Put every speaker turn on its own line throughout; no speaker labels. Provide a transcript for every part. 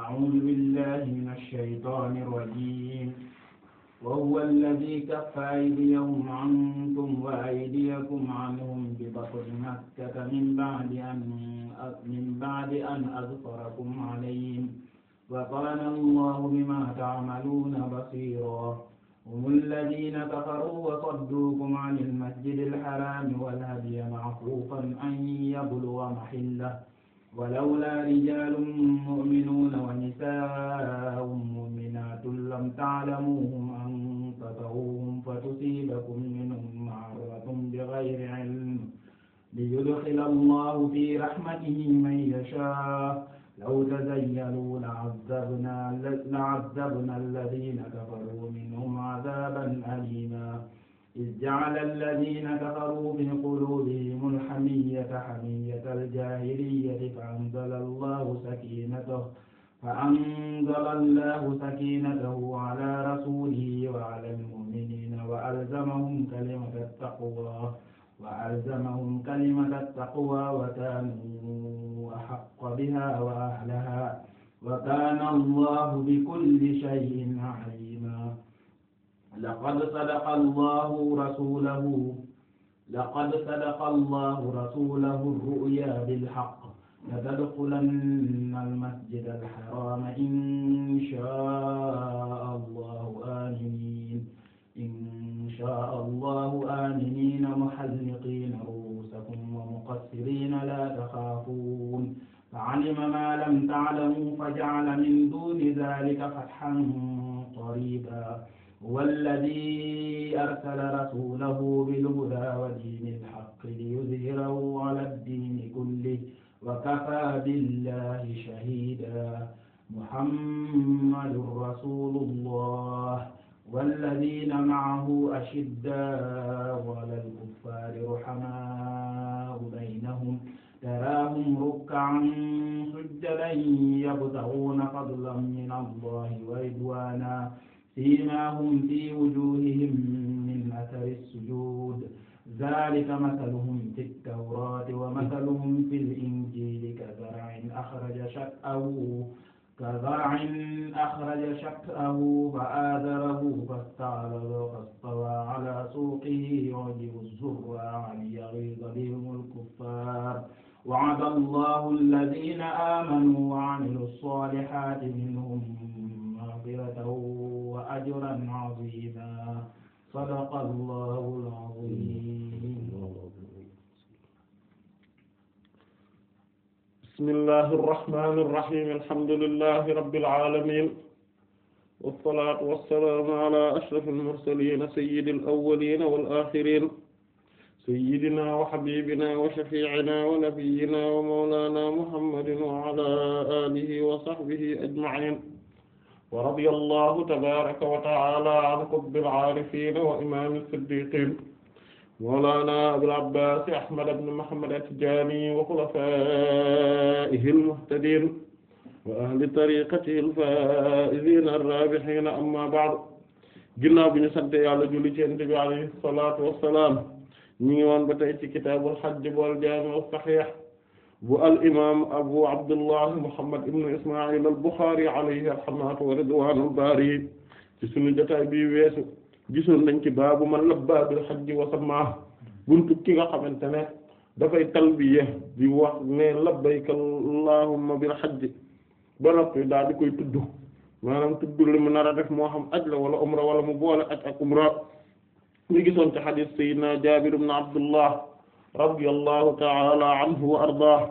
أعوذ بالله من الشيطان الرجيم وهو الذي كف أيديهم عنكم وأيديكم عنهم ببطن مكة من بعد أن من بعد أن أظفركم عليهم وكان الله بما تعملون بصيرا هم الذين كفروا وصدوكم عن المسجد الحرام والهدي معفوفا أن يبلغ محله ولولا رجال مؤمنون ونساء مؤمنات لم تعلموهم أن تطعوهم فتصيبكم منهم معرة بغير علم ليدخل الله في رحمته من يشاء لو تزيلوا لعذبنا, لعذبنا الذين كفروا منهم عذابا أليما إذ جعل الذين كفروا في قلوبهم الحمية حمية الجاهلية فأنزل الله سكينته فأنزل الله سكينته على رسوله وعلى المؤمنين وألزمهم كلمة التقوى وألزمهم كلمة التقوى وكانوا أحق بها وأهلها وكان الله بكل شيء عليما laqad sadaqa allahu rasulahu laqad sadaqa allahu rasulahu ruya bilhaq لتدخلن المسجد الحرام إن شاء الله آمنين إن شاء الله آمنين محلقين رؤوسكم ومقصرين لا تخافون فعلم ما لم تعلموا فجعل من دون ذلك فتحا قريبا هو الذي أرسل رسوله بالهدى ودين الحق ليظهره على الدين كله وكفى بالله شهيدا محمد رسول الله والذين معه أشداء على الكفار رحماء بينهم تراهم ركعا سجدا يبتغون فضلا من الله ورضوانا سيماهم في وجوههم من أثر السجود ذلك مثلهم في التوراة ومثلهم في الإنجيل كزرع أخرج شطأه كزرع أخرج شطأه فآذره فاستغلظ فاستوى على سوقه يعجب الزراع ليغيظ بهم الكفار وعد الله الذين آمنوا وعملوا الصالحات منهم مغفرة وأجرا عظيما صدق الله العظيم
بسم الله الرحمن الرحيم الحمد لله رب العالمين والصلاة والسلام على أشرف المرسلين سيد الأولين والآخرين سيدنا وحبيبنا وشفيعنا ونبينا ومولانا محمد وعلى آله وصحبه أجمعين wa radiyallahu tabaraka wa ta'ala an qutbil aarifin wa imam as-siddiqin mawlana abul abbas ahmad ibn muhammad at-tijani wa khulafaihi al-muhtadin wa ahli tariqatihi al-faa'izin ar-raabihin amma ba'd ginnaaw bi ñu sant yàlla julli ci Yonent bi alayhi salaatu wa salaam ñu ngi woon ba tey ci kitaabul hajj wal jaami' as-sahih bu al imaam abu abdullah muhammad ibn isma'il al buxaari alayhi rahmatu wa ridwaanul baari ci sunu jotaay bii weesu gisoon nañ ci baabu man labbaa bil hajji wa sammaa buntu ki nga xamante ne dafay talbiya di wax ne labbayka allahumma bil hajji ba noppi daal di koy tudd maanaam tudd li mu nar a def moo xam aj la wala umra wala mu boole aj ak umra ñu gisoon ci xadiis sayyidina abdullah radiyallahu ta'ala anhu wa ardaah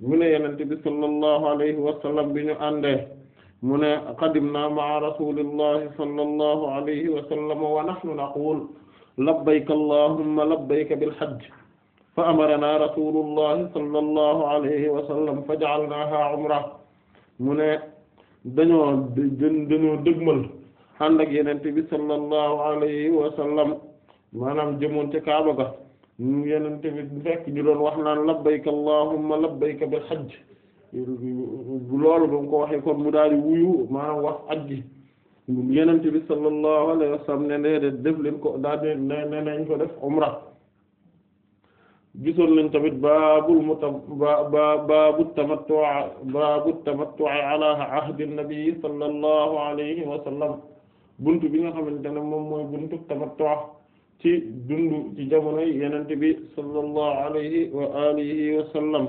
mu ne yenente bi sallallahu alayhi wa sallam bi ñu àndee mu ne qadimna ma'a rasulillahi sallallahu alayhi wa sallam wa nahnu naqul labbayka allahumma labbayka bil hajj fa amarana rasulullahi sallallahu alayhi wa sallam fa ja'alnaha umra mu ne dañoo dañoo dëgmal ànd ak yenente bi sallallahu alayhi wa sallam maanaam jëmoon ca Kaaba ga yenente bi fekk ñu doon wax naan labbayka allahumma labbayka bil hajj loolu ba mu ko waxee kon mu daal di wuyu maanaam wax aj gi yenente bi sallallahu alayhi wa sallam ne ndee def leen ko daal ne ne nañ ko def umra gisoon nañ tamit baabul muta baabu tamattu baabu tamattu ala ahdi nabi sallallahu alayhi wa sallam buntu bi nga xamante ne moom mooy buntu tamattu ci dundu ci jamonoy yenente bi sallallahu alayhi wa alihi wa sallam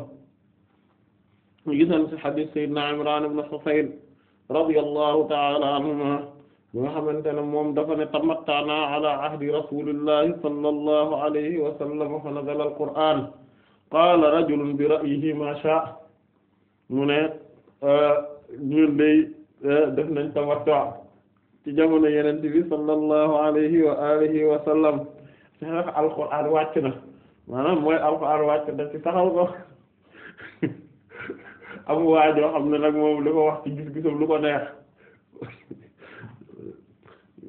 ñu gisan ci hadith sayyidina Imran ibn Husayn radiyallahu ta'ala anhuma bi nga xamante ne moom dafa ne tamattana ala ahdi rasulillahi sallallahu alayhi wa sallam fa nazala al-Qur'an qaala rajulun bi ra'yihi ma sha'a mu ne ñun day eh, def nañ tamattu ci jamono yenente bi sallallahu alayhi wa alihi wa sallam sax alquraan wàcc na maanaam mooy alquraan wàcc na ci taxaw ko am waajoo xam ne nag moom wax ci gis-gisam lu ko neex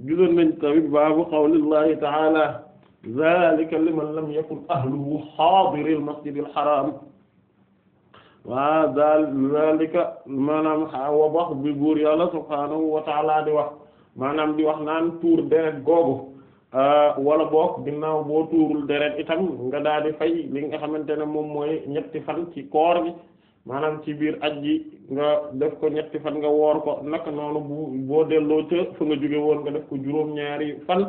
gisoon nañ tamit baabu qawlillahi ta'ala zalika liman lam yakun ahluhu xaadiril masjidil xaram wa zalika maanaam wax bi buur yàlla subhaanahu wa ta'ala di wax maanaam di wax naan tuur deret googu euh, wala boog ginnaaw boo tuurul deret itam nga daal di fay li nga xamante ne moom mooy ñetti fan ci koor gi maanaam ci biir aj gi nga def ko ñetti fan nga woor ko naka noonu bu boo delloo ca fa nga jóge woon nga def ko juróom-ñaari fan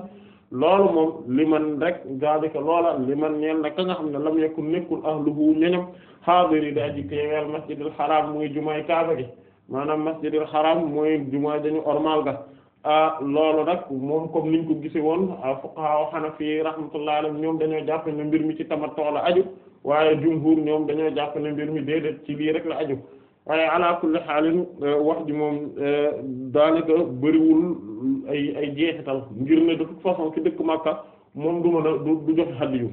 loolu li man rek zalika loola li man ñeel na ka nga xam ne lam yakun nekkul ahluhu ñañam xaadir yi da aji téeweel masjidil xaraam muy jumaay kaaba gi maanaam masjidil xaraam mooy jumaay dañu ormal ga Ah, loolu nag moom comme niñ ko gise woon ah, fuqaha hanafi rahmatullah alayhim ñoom dañoo jàpp ne mbir mi ci tamattu la aju waaye jumhur ñoom dañoo jàpp mbir mi déedéet ci lii rek la aju waaye ala kulli xaalin eh, wax ji moom eh, daanaka bëriwul ay ay jeexital ngir ne de toute façon ci dëkk Makka moom du mën a du joxe hadiyu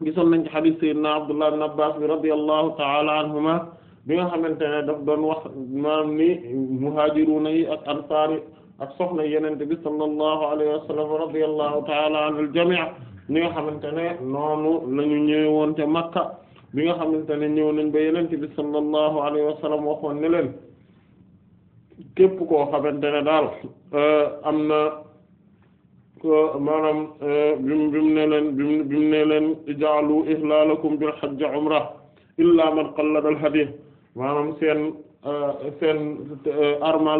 gisoon nañ ci hadith sayyidina Abdullah ibn Abbas bi radiyallahu ta'ala anhuma bi nga xamante ne daf doon wax maanaam ni muhajiruna ak ansaari ak soxna yenente bi sallallahu alayhi wa sallam ta'ala anil jami' ni nga xamante ne noonu la ñu Makka bi nga xamante ne nañ ba yenente bi sallallahu alayhi wa leen képp koo xamante daal euh, am na maanaam euh, bimu bimu ne leen bimu bimu ne leen ij'alu ihlalakum bil hajj umra illa man qallada al hadith maanaam seen euh, seen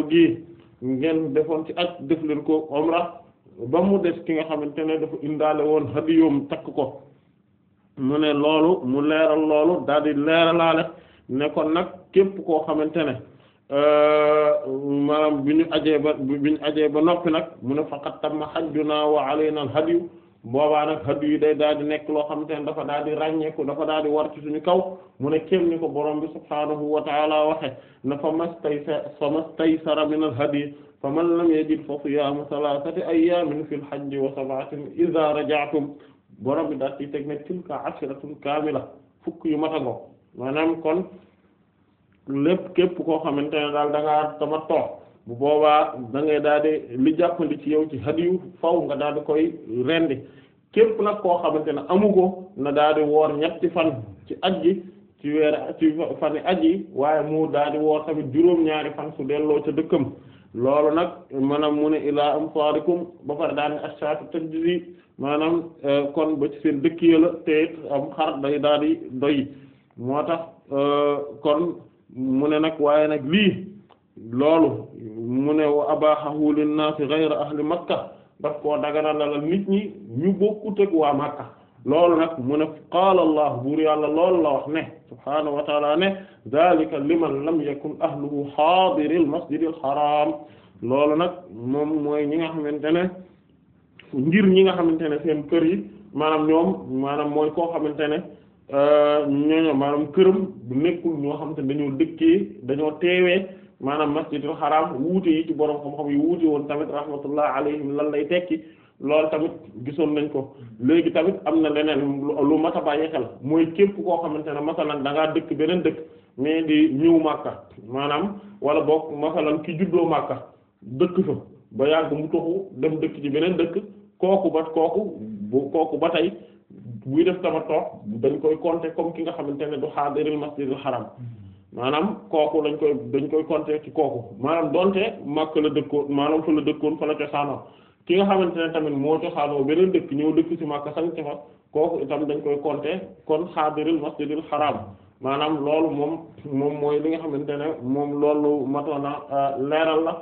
gi ngeen defoon ci ak def leen ko umra ba mu des ki nga xamante ne dafa indaale woon hadiyoom takk ko mu ne loolu mu leeral loolu daal di leeralaale ne kon nag képp koo xamante ne euh, maanaam bi ñu ajee ba bi ñu ajee ba noppi nag mu ne faqat tamma hajjuna wa alayna al hadiyu boobaa nag xaddu yi day daal di nekk loo xamante ne dafa daal di ràññeeku dafa daal di war ci suñu kaw mu ne kéem ni ko borom bi subhaanahu wa taala waxe na fa mastay fa mastaysara min al hadi fa man lam yajid fa siyaamu salaasati ayyaamin fil hajji wa sab'atin idhaa raja'tum borom bi daal di teg ne tilka ashiratun kaamila fukk yi mat a maanaam kon lépp képp koo xamante ne daal da ngaa tamattu bu boobaa da ngay daal li jàppandi ci yow ci hadiyu faw nga daal di koy rendi képp nag koo xamante ne amu ko na daal di woor ñetti fan ci aj gi ci weer ci fan yi aj waaye mu daal di woor tamit juróom-ñaari fan su delloo ca dëkkam loolu nag maanaam mu ne ilaa am faarikum ba pare daal ne ashaatu tajzi maanaam eh, kon ba ci seen dëkk ya la te am xar day daal di doy moo tax eh, kon mu ne nag waaye nag lii loolu mu ne wa abahahu linnaasi ghayra ahli makka daf koo daganalal nit ñi ñu bokkut ak waa makka loolu nag mu ne qaala allah buur yàlla loolu la wax ne subhaanahu wa ne dhalika liman lam yakun ahluhu xaadiril masjidil loolu nag moom mooy ñi nga xamante ne ngir ñi nga xamante ne seen kër yi maanaam ñoom maanaam mooy koo xamante ne euh, ñooñu maanaam këram bu nekkul ñoo xamante ne dañoo dëkkee dañoo teewee maanaam masjidul xaraam wuute yi ci borom xam-xam yi wuute woon tamit rahmatullah alayhim lan lay tekki lool tamit gisoon nañ ko léegi tamit am na leneen lu mat a bàyyi xel mooy képp koo xamante ne masalan dangaa dëkk beneen dëkk mais di ñëw Makka maanaam wala boog masalan ki juddoo Makka dëkk fa ba yàgg mu toxu dem dëkk ci beneen dëkk kooku ba kooku bu kooku ba tey buy def tamattu dañ koy compter comme ki nga xamante ne du xaadiril masjidul xaraam maanaam kooku lañ koy dañ koy compter ci kooku maanaam donte màkk la dëkkoon maanaam fa la dëkkoon fa la cosaanoo ki nga xamante ne tamit moo cosaanoo beneen dëkk ñëw dëkk ci màkk sax ci fa kooku itam dañ koy compter kon xaadiril masjidil xaraam maanaam loolu moom mooy li nga xamante ne moom loolu matoon na euh, leeral la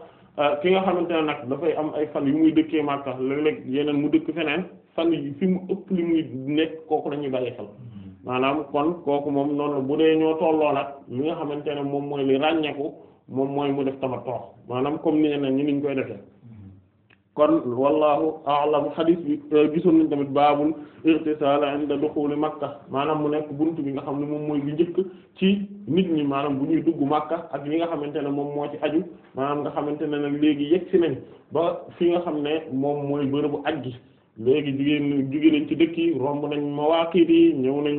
euh, ki nga xamante ne nag dafay am ay fan yu muy dëkkee màkk léeg-léeg yeneen mu dëkk feneen fan yi fi mu ëpp li muy nekk kooku lañuy ñuy maanaam kon kooku moom noonu bu dee ñoo tolloo nag li nga xamante ne moom mooy li ràññeeku moom mooy mu def tamattu maanaam comme ni ñu niñ koy defee kon wallahu a'lam hadith bi euh, gisoon nañ tamit baabul irtisal inda dukhul makka maanaam mu nekk buntu bi nga xam ne moom mooy bi njëkk ci nit ñi maanaam bu ñuy dugg makka ak li nga xamante ne moom moo ci aju maanaam nga xamante ne nag léegi yegg si nañ ba fi nga xam ne moom mooy bërëbu aj gi léegi jigéen jigéen nañ ci dëkk yi romb nañ mawaqit yi ñëw nañ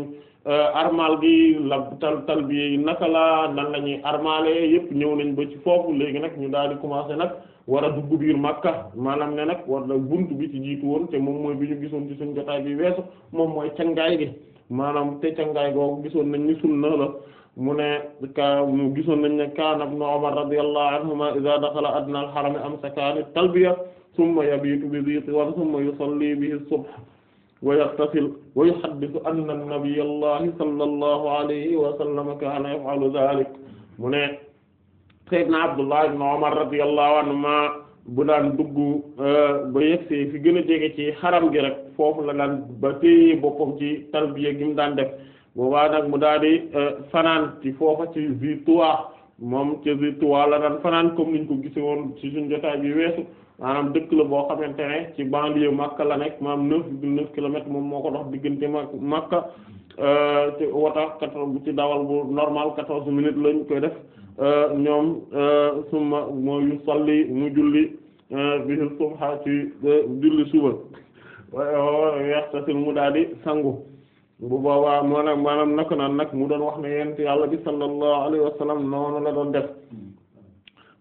euh, armal gi la tal tal bi naka la nan la ñuy armale yëpp ñëw nañ ba ci foofu léegi nag ñu daal di commencé nag war a dugg biir Makka maanaam ne nag war na bunt bi ci jiitu woon te moom mooy bi ñu gisoon ci suñ jotaay bi weesu moom mooy cangaay gi maanaam te cangaay googu gisoon nañ ni na la mu ne ka mu gisoon nañ ne kaana ibnu Umar radiyallahu anhuma iza daxala adna al-harami amsaka an talbiya summa yabiitu bi dhi tiwar summa yusalli bihi as-subh wa yaghtasil wa yuhaddithu anna nabiyya allahi sallallahu alayhi wa sallam kaana yaf'alu dhalik mu ne sayyidna Abdullah ibn Umar radiyallahu anhuma bu daan dugg euh, ba yegsee fi gën a jege ci xaram gi rek foofu la daan ba téye boppam ci talbiya gi mu daan def boobaa nag mu daal di euh, fanaan ci foofa ci zi tuwa moom ci zi tuwa la daan fanaan comme niñ ko gise woon ci suñ jotaay bi weesu maanaam dëkk la boo xamante ne ci banlieue Makka la nekk maanaam neuf virgule neuf moom moo ko dox diggante Makka euh, te wata quatorze bu ci dawal bu normal quatorze minutes lañ koy def euh, ñoom euh, summa mu julli bi subha ci julli suba yaxtasil mu daal di sangu bu boobaa moo nag maanaam naka naan nag mu doon wax ne yent yàlla bi sallallahu alayhi wa noonu la doon def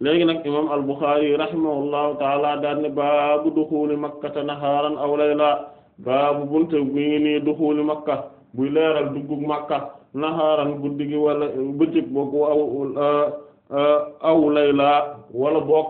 léegi nag imam al-Bukhari rahimahullahu taala daan ne baabu duxuuli makkata naharan aw layla baabu bunte bi duxuuli makka buy leeral duggug makka naharan guddi gi wala bëccëg boog aw aw layla wala boog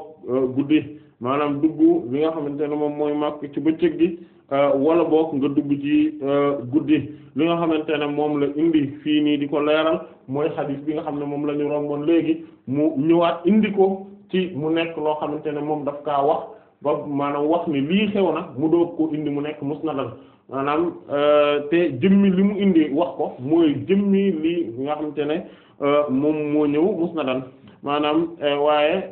guddi maanaam dugg bi nga xamante ne moom mooy makk ci bëccëg gi Euh, wala boog nga dugg ci euh, guddi li nga xamante ne moom la indi fii nii di ko leeral mooy xadiis bi nga xam ne moom la ñu romboon léegi mu ñëwaat indi ko ci mu nekk loo xamante ne moom daf kaa wax ba maanaam wax ni lii xew na mu doog ko indi mu nekk musnadal maanaam euh, te jëmmi li mu indi wax ko mooy jëmmi lii nga xamante ne moom moo ñëw musnadan maanaam waaye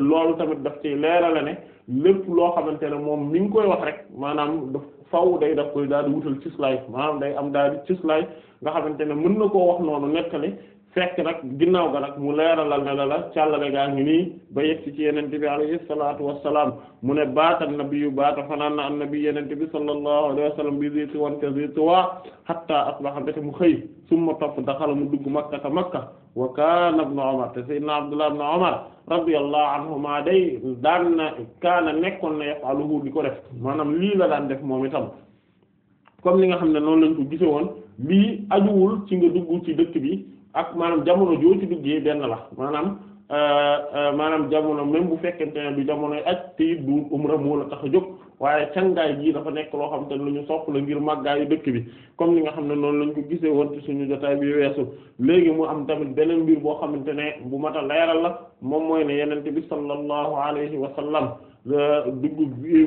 loolu tamit daf ci leerale ne lépp loo xamante ne moom mi koy wax rek maanaam daf faw day daf koy daal di wutal cislaay maanaam day am daal di cislaay nga xamante ne mën na koo wax noonu nettali fekk nag ginnaaw ga mu leeralal la la càllale gaa ngi nii ba yegg ci yenente bi alayhi salaatu wassalaam mu ne baata nabiyyu baata fanaan na an nabi yenente bi sallallahu alayhi wa sallam bi zi tuwan ka zi tuwa hatta asbaha mbéte mu xëy summa topp daxala mu dugg makkata makka wa kaana ibn umar te sayyidna abdullah ibn umar radiyallahu anhuma day daan na kaana nekkoon na yafaluhu di ko def maanaam lii la daan def moom itam comme li nga xam ne noonu lañ ko gise woon lii ajuwul ci nga dugg ci dëkk bi ak maanaam jamono joo ci duggee benn la maanaam euh, euh, maanaam jamono même bu fekkente ne du jamonoy aj te it du umra moo la tax a jóg waaye cangaay gii dafa nekk loo xam te lu ñu sopp la ngir màggaayu dëkk bi comme li nga xam ne noonu lañ ko gisee woon ci suñu jotaay bi weesu léegi mu am tamit beneen mbir boo xamante ne bu mat a leeral la moom mooy ne yenente bi sallallahu alayhi wa sallam euh, dugg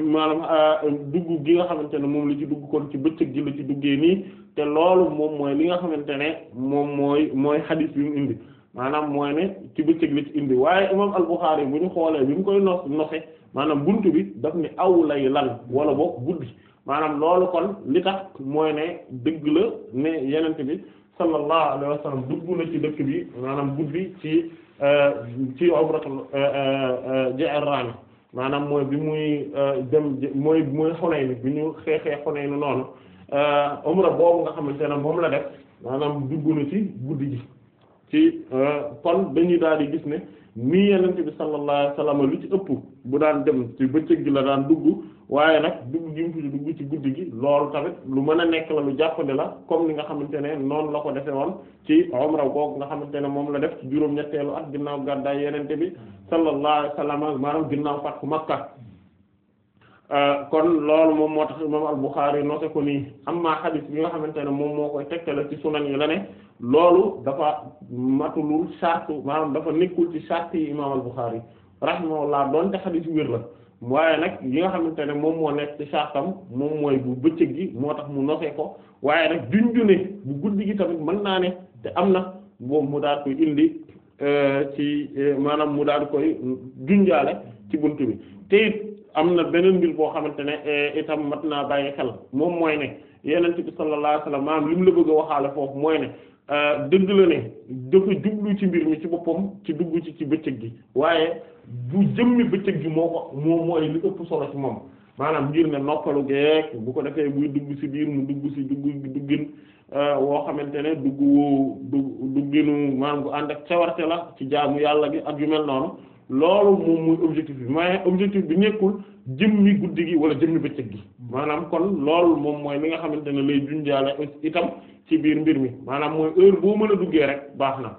maanaam euh, dugg gi nga xamante ne moom la ci dugg kon ci bëccëg gi la ci duggee nii te loolu moom mooy li nga xamante ne moom mooy mooy hadith bi mu indi maanaam mooy ne ci bëccëg la ci indi waaye imam al-Bukhari bu ñu xoolee bi mu koy nos nose maanaam buntu bi daf ne aw lay lan wala boog guddi maanaam loolu kon li tax mooy ne dëgg la ne yenent bi sallallahu alayhi wa dugg na ci dëkk bi maanaam guddi ci euh, ci umratul euh, euh, Ji'rana maanaam mooy bi muy dem mooy mooy Hunayn bi ñu xeexee Hunayn noonu umra boobu nga xamante ne moom la def maanaam dugg na ci guddi ji ci euh, kon dañuy daal di gis ne nii yenente bi sallallahu alayhi wasallam lu ci ëpp bu daan dem ci bëccëg gi la daan dugg waaye nag dugg gi mu ci dugg ci guddi gi loolu tamit lu mën a nekk la lu jàppandi la comme ni nga xamante ne noonu la ko defe woon ci umra googu nga xamante ne moom la def ci juróom-ñetteelu at ginnaaw gàddaay yenente bi sallallahu alayhi wasallam maanaam ku fatku Makka euh, kon loolu moom moo tax imam al-Bukhari noté ko nii amma hadith bi nga xamante ne moom moo koy tegtale ci sunan yi loolu dafa matulul sart maanaam dafa nekkul ci sart yi imaam al-Bukhari rahimahullah doonte xadiis wér la waaye nag yi nga xamante ne moom moo nekk ci sartam moom mooy bu bëccëg gi moo tax mu nosee ko waaye nag junju ne bu guddi gi tamit mën naa ne te am na boobu mu daal koy indi euh, ci euh, maanaam mu daal koy junjaale ci bunt bi te it am na beneen mbir boo xamante ne euh, itam mat naa bàyyi xel moom mooy ne yenent bi sallallahu alayhi wasallam maanaam li mu la bëgg a waxaale foofu mooy ne Euh, dëgg la ne dafa jublu ci mbir mi ci boppam ci dugg ci ci bëccëg gi waaye bu jëmmi bëccëg gi moo ko moo mooy li ëpp solo ci moom maanaam ngir ne noppalu geek bu ko defee buy dugg ci biir mu dugg ci dugg duggin euh, woo xamante ne dugg woo dugginu maanaam bu ànd ak cawarte la ci jaamu yàlla gi ak yu mel noonu loolu moom muy objectif bi mais objectif bi nekkul jëmmi guddi gi wala jëmmi bëccëg gi maanaam kon loolu moom mooy li nga xamante ne lay junjaale itam ci biir mbir mi maanaam mooy heure boo mën a duggee rek baax na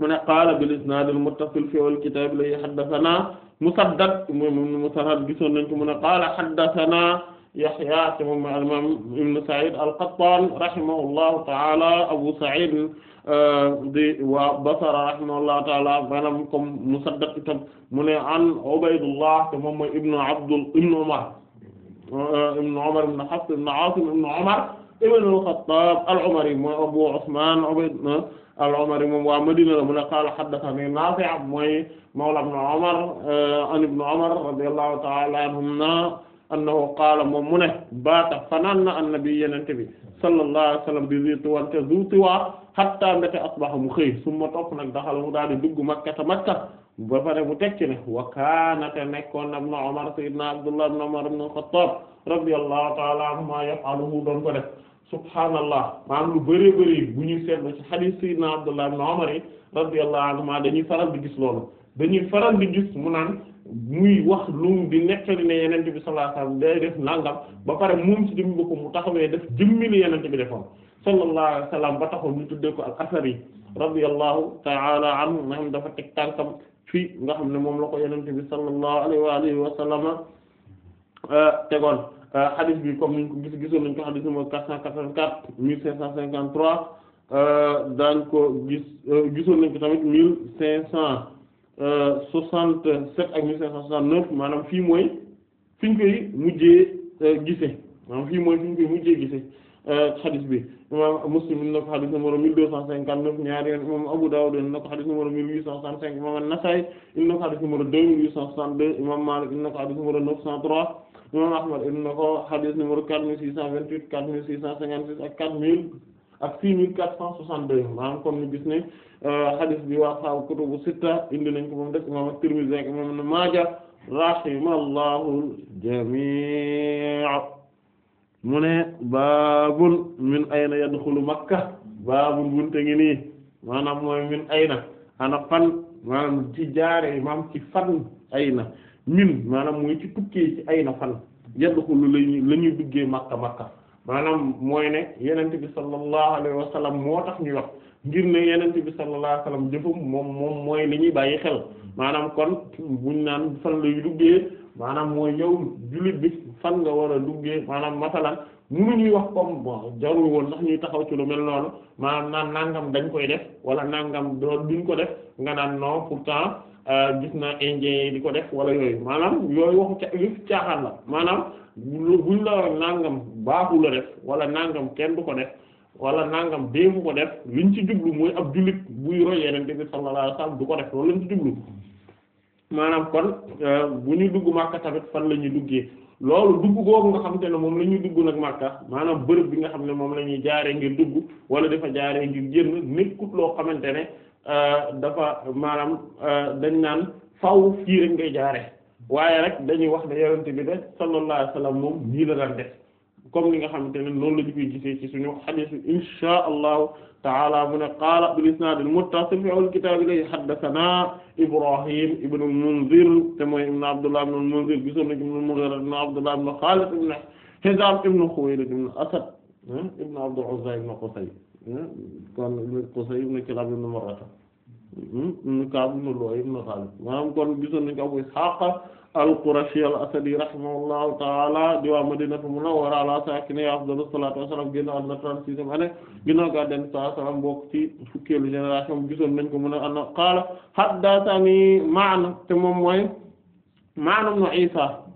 mu ne qaala bil isnaadil muttasil fi al kitaab la haddathanaa musaddad moom moom musaddad gisoon nañ ko mu ne qaala haddathanaa Yahya te moom al-imaam Ibn Sa'id al-Qattaan rahimahullahu ta'ala Abu Sa'id euh, di waa Basra rahimahullahu ta'ala maanaam comme musaddad itam mu ne an Ubaydullah te moom mooy Ibn Abdul Ibn Umar euh, Ibn Umar ibn Hafs ibn Aasim ibn Umar ibn al-Khattab al-Umari mooy Abu Usman al-Umari moom waa Madina la mu ne qaala haddathanii Naafi' mooy mawla ibn Umar euh, an ibn Umar radiyallahu ta'ala anhumaa annahu qaala moom mu ne baata fanaan na an-nabi yenente bi sallallahu alayhi wa sallam bi Zii Tiwaan te Zii Tiwaan hatta mbéte asbaha mu xëy summa topp nag daxal mu daal di dugg Makkata Makka ba pare mu tekki ne wa kaana te nekkoon ibn Umar sayyidina Abdullah ibn Umar ibn al-Khattab radiyallahu ta'ala anhumaa yaf'aluhu doon ko def subhaanallah maanaam lu bëree bëri bu ñuy seetlu ci xadiis sayyidina Abdullah ibn Umar radiyallahu anhuma dañuy faral di gis loolu dañuy faral di gis mu naan muy wax lum di nekkali ne yenente bi sallallahu alayhi wasallam day def nangam ba pare moom ci jëmmi ko mu taxawee def jëmmi li yenente bi defoon sallallahu alayhi wasallam ba taxaw ñu tuddee ko al asari radiyallahu ta'ala anhu nga xam dafa teg tànkam fii nga xam ne moom la ko yenente bi sallallahu alayhi wa alihi wa sallama eh, tegoon xadis euh, bi comme niñ ko gis gisoon nañ ko xadis numéro 484 1553 daañ ko gis euh, gisoon nañ ko tamit 1567 euh, ak 1569 maanaam fii mooy maanaam fii mooy fi ñu koy mujjee gise xadis bi imam Muslim in na ko xadis numéro 1259 ñaari yoon imam Abu Dawud in na ko xadis numéro 1865 imam an in na ko xadis numéro 2862 imam Malik in na ko xadis numéro 903 imam Ahmad indi na ko hadith numéro 4628 4656 ak 4000 ak 6462 maanaam kon ñu gis ne euh, hadith bi waa saabu kutubu sitta indi nañ ko moom def imam At-Tirmidhi ak imam Ibn Maaja rahimallahu jamii mu ne baabun min ayna yadxulu makka baabun bunte ngi nii maanaam mooy min ayna ana fan maanaam ci jaare maam ci fan ayna min maanaam mooy ci tukkee ci ay na fan yaddu ko lañuy la ñuy duggee makka makka maanaam mooy ne yenent bi sallallahu alayhi wa sallam moo tax ñu wax ngir ne yenent bi sallallahu alayhi wa sallam jëfam moom moom mooy li ñuy bàyyi xel maanaam kon buñ naan fan lay duggee maanaam mooy yow jullit bi fan nga war a duggee maanaam masalan ñuy wax comme bon jarul woon ndax ñuy taxaw ci lu mel noonu maanaam naan nangam dañ koy def wala nangam doon duñ ko def nga naan non pourtant Euh, gis naa indien yi di ko def wala yooyu mm. maanaam yooyu waxu ca yëf caaxaan la maanaam buñ la nangam baaxu la def wala nangam kenn du ko def wala nangam déemu ko def ñu ci jublu mooy ab jullit buy roy Yonent bi sallallahu alayhi wasallam du ko def loolu lañ ci jublu maanaam kon euh, bu ñuy dugg Makka tamit fan la ñuy duggee loolu dugg googu nga xam te ne moom la ñuy dugg nag Makka maanaam bërëb bi nga xam ne moom la ñuy jaaree ngir dugg wala dafa jaaree ngir génn nekkut loo xamante ne Euh, dafa maanaam euh, dañ naan faw fii rek ngay jaare waaye rek dañuy wax ne yonent bi de sallallahu alayhi wasallam moom nii la daan def comme li nga xamante ne noonu la ñu koy gisee ci suñu xadiis inshaa allahu taala mu ne qaala bil isnaad al muttasil fi al kitaab ilay haddasanaa Ibrahim ibn al-Munzir te mooy ibn Abdullah ibn al-Munzir gisoon nañu ibn al-Mughira ibn Abdullah ibn Khalid ibn Hizaam ibn Khuwaylid ibn Asad hmm, ibn Abdul Uzza ibn Qusay Hmm? kon Qusay ibn Kilab ibn Marrata hmm? ibn Ka'b ibn Lu'ay ibn Ghalib gisoon nañ ko Abu Ishaq al-Qurashi al-Asadi rahimahullahu ta'ala di Madinatu Munawwara ala saakinihaa afdalu salaatu wa salaam génn àdduna 36e année ginnaaw ga dem saa salaam bokk ci fukkeelu génération gisoon nañ ko mu ne ana qaala te moom mooy Ma'n Isa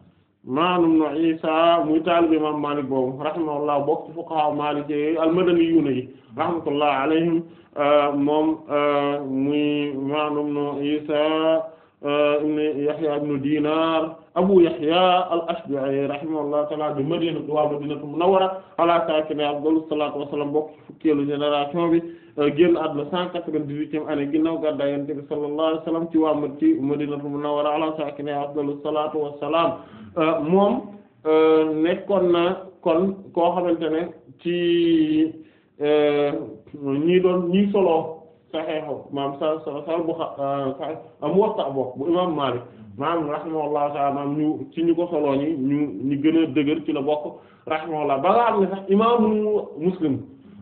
maanum no isa muy taalibe imam Maalik boobu rahimahullah bokk ci fuqaha Maaliki al-Madaniyuun yi rahmatullah alayhim euh, moom euh, muy maanum no isa euh, ibn Yahya ibn Dinar Abu Yahya al-Ashja'i rahimahullah ta'ala de Madina waa Madinatu Munawwara ala saakinihaa afdalu salaatu wa salaam bokk ci fukkeelu génération bi Euh, génn àdduna cent quatre-vingt-dix-huitième année ginnaaw gàddaay Yonent bi sallallahu wa sallam ci waa salaam euh, moom euh, nekkoon na kon koo xamante ne ci ñi doon ñi solo saxeexu maam sa sal bu xa am waxta bokk bu imam Maalik maam rahimahullahu ta'ala maam ñu ci ñu ko soloo ñi ñu ñu gën dëgër ci la bokk rahimahullah ba nga am ne sax imaamu Muslim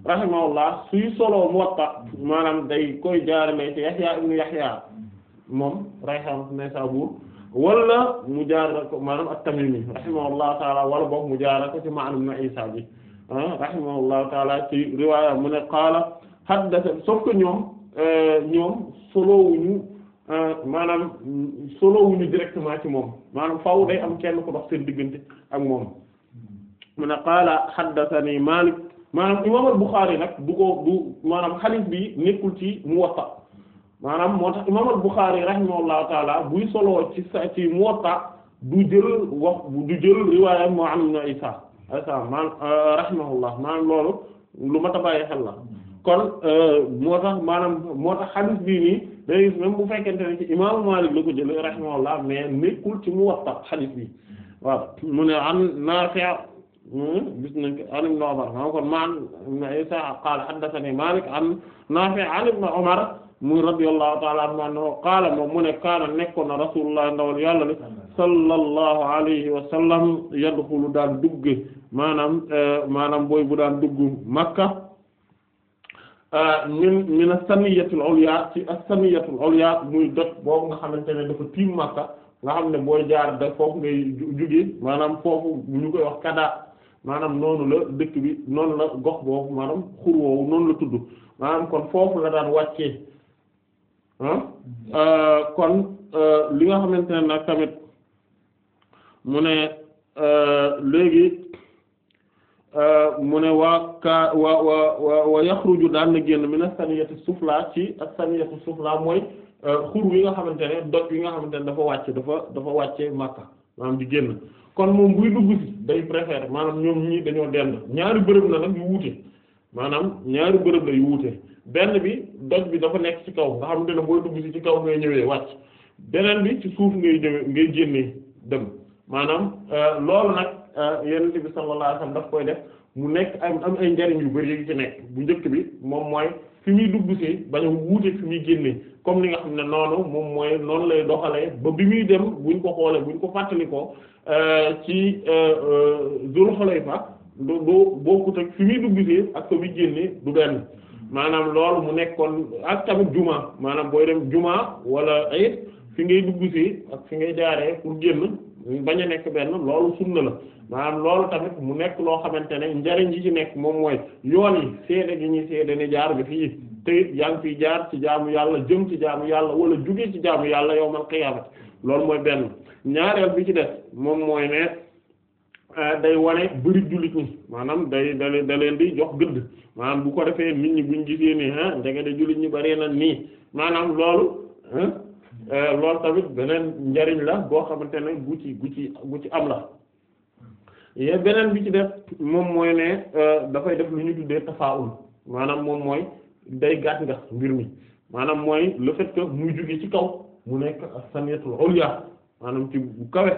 rahimahullah suy soloo Muwatta maanaam day koy jaarale ci Yahya ibn Yahya moom Rayhan Naysabur wala mu jaarale ko maanaam at rahimahullah taala wala boog mu jaarale ko ci Ma'n ibn Isa bi ah, rahimahullah taala ci riwaaya mu ne qaala haddatha sauf que ñoom eh, ñoom eh, ci moom maanaam faaw day am kenn ko dox seen diggante ak moom mu ne qaala haddathani Malik maanaam imaamal Buxaari nag du ko du maanaam xadiis bi nekkul ci mu wax Muwatta maanaam moo tax imaamal Buxaari rahimahullahu taala buy soloo ci sa ci Muwatta du jël wax du jël riwaayam moo am na Isa Isa maanaam euh, rahimahullah maanaam loolu lu ma tabaayee xel la kon euh, moo tax maanaam moo tax xadiis bii nii day même bu fekkente ne ci imaamu Maalik la ko jëlee rahimahullah mais nekkul ci Muwatta xadiis bi waaw mu ne an Naafi' Hmm? gis nañ an ibn Umar ma kon maan ibn Isa qaala haddathani Malik an Nafi' an ibn Umar muy mu ne kaana nekkoon na rasulullah ndawal yàlla li sallallahu alayhi wa sallam yadxulu daan dugg maanaam eh, boy bu daan dugg Makka eh, min min as muy doj boobu nga xamante ne dafa tiim Makka nga xam ne jaar da foofu ngay jugee maanaam foofu bu ñu koy wax kada maanaam noonu la dëkk bi noonu la gox boobu maanaam xur woowu noonu la tudd maanaam kon foofu la daan wàcce ah euh, kon euh, li nga xamante ne nag tamit mu ne euh, léegi mu ne waa ka waa waa waa yaxruju daan na génn min as-saniyati sufla ci as-saniyati sufla mooy xur wi nga xamante ne doj wi nga xamante ne dafa wàcce dafa dafa wàcce Makka maanaam di génn. kon moom buy dugg ci day préféré maanaam ñoom ñii dañoo dend ñaari bërëb la nag yu wuute maanaam ñaari bërëb la yu wuute benn bi doj bi dafa nekk ci kaw nga xam ne booy dugg ci ci kaw ngay ñëwee wàcc beneen bi ci suuf ngay ñëwee ngay génnee dem maanaam euh, loolu nag euh, yonent bi sallallahu alayhi wasallam daf koy def mu nekk am am ay njariñ yu bari yu ci nekk bu njëkk bi moom mooy fi muy dugg see bañ a fi muy génnee comme li nga xam ne noonu moom mooy noonu lay doxalee ba bi muy dem buñ ko xoolee buñ ko fàttalikoo euh, ci euh, euh, Zul Xulayfa du du bokkut ak fi muy dugg ak ko muy génnee du benn maanaam loolu mu nekkoon ak tamit juma maanaam booy dem juma wala ayit fi ngay dugg ak fi ngay jaaree pour génn bañ a nekk benn loolu sunna la. maanaam loolu tamit mu nekk loo xamante ne njariñ yi ci nekk moom mooy yoon yi seede gi ñuy seede ne jaar bi fii te it yaa ngi fiy jaar ci jaamu yàlla jëm ci jaamu yàlla wala juge ci jaamu yàlla yawmal qiyaamah loolu mooy benn ñaareel bi ci des moom mooy ne euh, day wane bëri jullit ñi maanaam day da da leen di jox gëdd maanaam bu ko defee nit ñi buñ gisee nii ah ndege de jullit ñi bari na nii maanaam loolu ah, euh, loolu tamit beneen njariñ la boo xamante ne gu ci gu ci gu ci am la beneen bi ci def moom mooy ne euh, dafay def lu ñu dee tafaawul maanaam moom mooy day gàtt nga mbir mi maanaam mooy le fait muy jóge ci kaw mu nekk as-samiyatul ulya maanaam ci bu kawe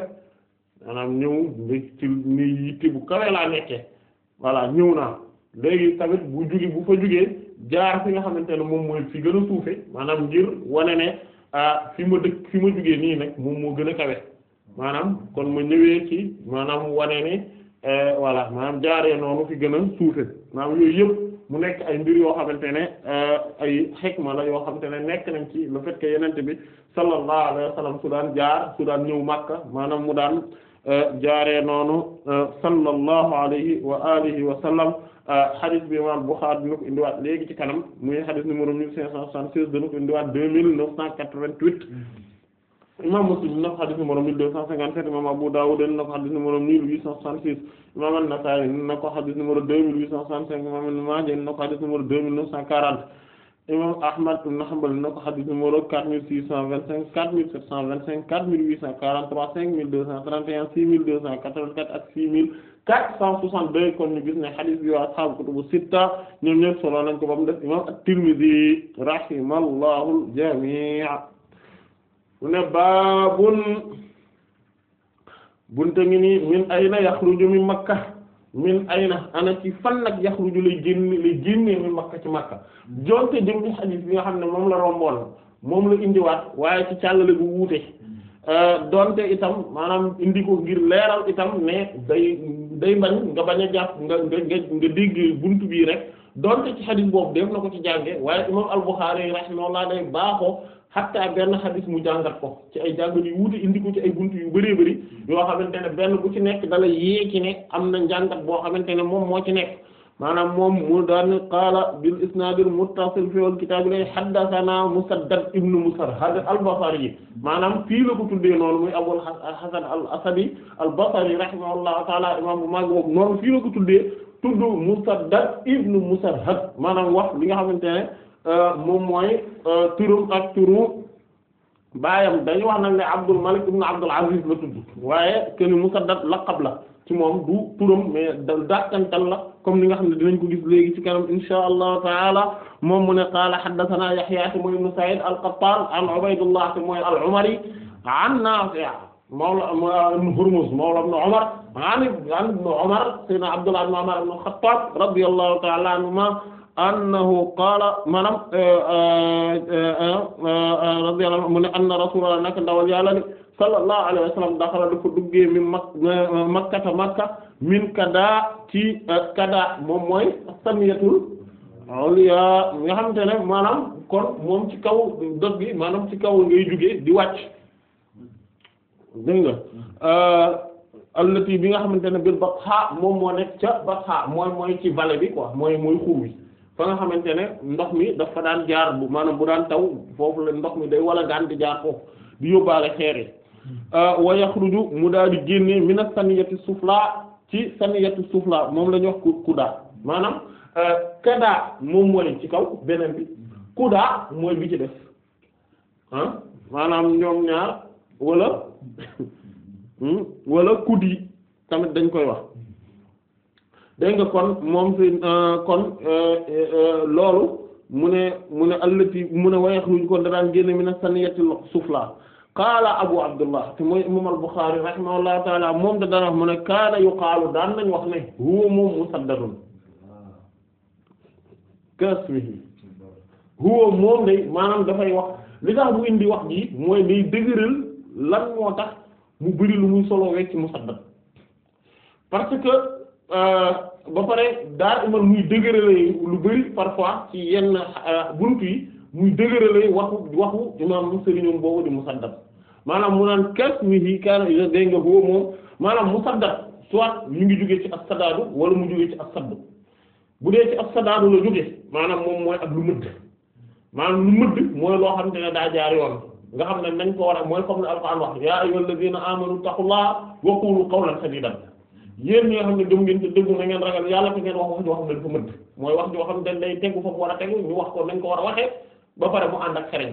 maanaam ñëw ci ni yitte bu kawe laa nekkee voilà ñëw naa léegi tamit bu jóge bu fa jógee jaar fi nga xamante ne moom mooy fi gën a suufe maanaam ngir wane ne ah fi ma dëkk fi ma jógee nii nag moom moo gën a kawe maanaam kon ma ñëwee ci maanaam wane ne eh, voilà maanaam jaaree noonu fi gën a suufe maanaam yooyu yëpp mu nekk ay mbir yoo xamante ne eh, ay xikma la yoo xamante ne nekk nañ ci le fait que yenente bi sallallahu alayhi wa su daan jaar su daan ñëw Makka maanaam mu daan eh, jaaree noonu sallallahu alayhi wa alihi wa sallam hadith bi imam Bukhari dina ko indiwaat léegi ci kanam muy hadith numéro mille cinq cent soixante-seize ko indiwaat deux mille neuf cent quatre-vingt-huit imam Muslim na ko xadis numéro 1257 imam Abu Dawud na ko xadis numéro 1866 imam An-Nasa'i na ko xadis numéro 2865 imam Ibn Majah na ko xadis numéro 2940 imam Ahmad ibn Hanbal na ko xadis numéro 4625 4725 4843 5231 6284 ak 6462 kon ñu gis ne xadis bi waa ashaabu kutubu sitta ñoom ñëpp solo nañ ko ba mu def imam At-Tirmidhi rahimahullahu al-jami' mu ne baabun bunte ngi nii min ayna yaxruju min makka min ayna ana ci fan nag yaxruju lay génne lay génnee min makka ci makka jonte jëm ci xadiis bi nga xam ne moom la romboon moom la indiwaat waaye ci càllale bu wuute euh, donte itam maanaam indi ko ngir leeral itam ne day day bañ nga bañ a jàpp nga nga nga nga dégg bunt bii rek donte ci xadiis boobu def na ko ci jànge waaye imaam al-Bukhari laa day baaxoo xatta benn xadis mu jàngat ko ci ay jàngat yu wuute indi ko ci ay bunt yu bëree bëri yoo xamante ne benn bu ci nekk dala yee ci ne am na njàngat boo xamante ne moom moo ci nekk maanaam moom mu daani qaala bil isnaadil muttasil fiwal kitaab lay haddathana musaddad ibnu musarhad al yi maanaam fii la ko tuddee noonu muy abul hasan al asadi al-basri rahimahullahu taala imam bu mag boobu noonu fii la ko tuddee tudd musaddad ibnu musarhad maanaam wax li nga xamante ne Euh, moom mooy euh, turam ak turu baayam dañu wax nag ne Abdul Malik ibn Abdul Aziz la tudd waaye kenn Musaddad laqab la ci moom du turam mais dàkkantal la comme ni nga xam ne dinañ ko gis léegi ci kanam insha allahu taala moom mu ne qaala haddathana Yahya te mooy ibn Sa'id al-Qattan an Ubaydullah te mooy al-Umari an Nafi' mawla ibn Hurmuz mawla ibn Umar an ibn Umar sayyidina Abdullah ibn Umar ibn Khattab radiyallahu ta'ala anhuma annahu qaala maanaam eh, eh, eh, radiyallahu anhu mu ne anna rasulullah nak ndawal yàlla ni sallallahu alayhi wa sallam daxala dafa duggee min makkata makka min kada ci kada moom mooy samiyatul awliya nga xam te ne maanaam kon moom ci kaw dot bi maanaam ci kaw ngay jugee di wàcc dégg nga allati bi nga xamante ne bir ba xaa moom moo nekk ca ba mooy mooy ci vallée bi quoi mooy mooy xur fa nga xamante ne ndox mi dafa daan jaar bu maanaam bu daan taw foofu la ndox mi day wala gaan di jaar foofu di yóbbaale xeer yi euh, wa yaxruju mu daal di génne mina saniyati sufla ci saniyati sufla moom la ñuy wax kudaa maanaam euh, kadaa moom mooy ci kaw beneen bi kudaa mooy bi ci def maanaam ñoom ñaar walla wala hmm, kuddi tamit dañ koy wax dégg nga kon moom si euh, kon euh, euh, loolu mu ne mu ne allati mu ne wayax luñu kon dadaan génn mi na saniyati suuflaa qaala abu abdullah te mooy imam al-Bukhari rahimahullahu moom da daan wax mu ne kaana yuqaalu daan nañ wax ne huwa moom musaddadun kasmihi huwa moom day maanaam dafay wax li tax mu indi wax ji mooy day dëgëral lan moo tax mu bëri lu muy solo wecc musaddad parce que Euh, ba pare daal imal muy dëgëralay lu bari parfois ci yenn euh, buntu yi muy dëgëralay waxu waxu imaam mu sëriñam boobu di Musaddad maanaam mu naan kas mi yi kaana dégg nga boobu moom maanaam Musaddad soit mu ngi jógee ci ab sadaadu wala mu jógee ci as-saddu bu dee ci ab sadaadu la jógee maanaam moom mooy ak lu mëdd maanaam lu mëdd mooy loo xam ne daa jaar yoon nga xam ne nañ ko war a mooy comme ne Alxuraan wax yaa ayyuhal lazina amanu taqullaha wa qulu qawlan sadida yéen ñi xam ne gëm ngeen te dëggu na ngeen ragal yàlla te ngeen wax wax joo xam ne dafa mëdd mooy wax joo xam ne day tegu foofu war a tegu ñu wax ko nañ ko war a waxee ba pare mu ànd ak xereñ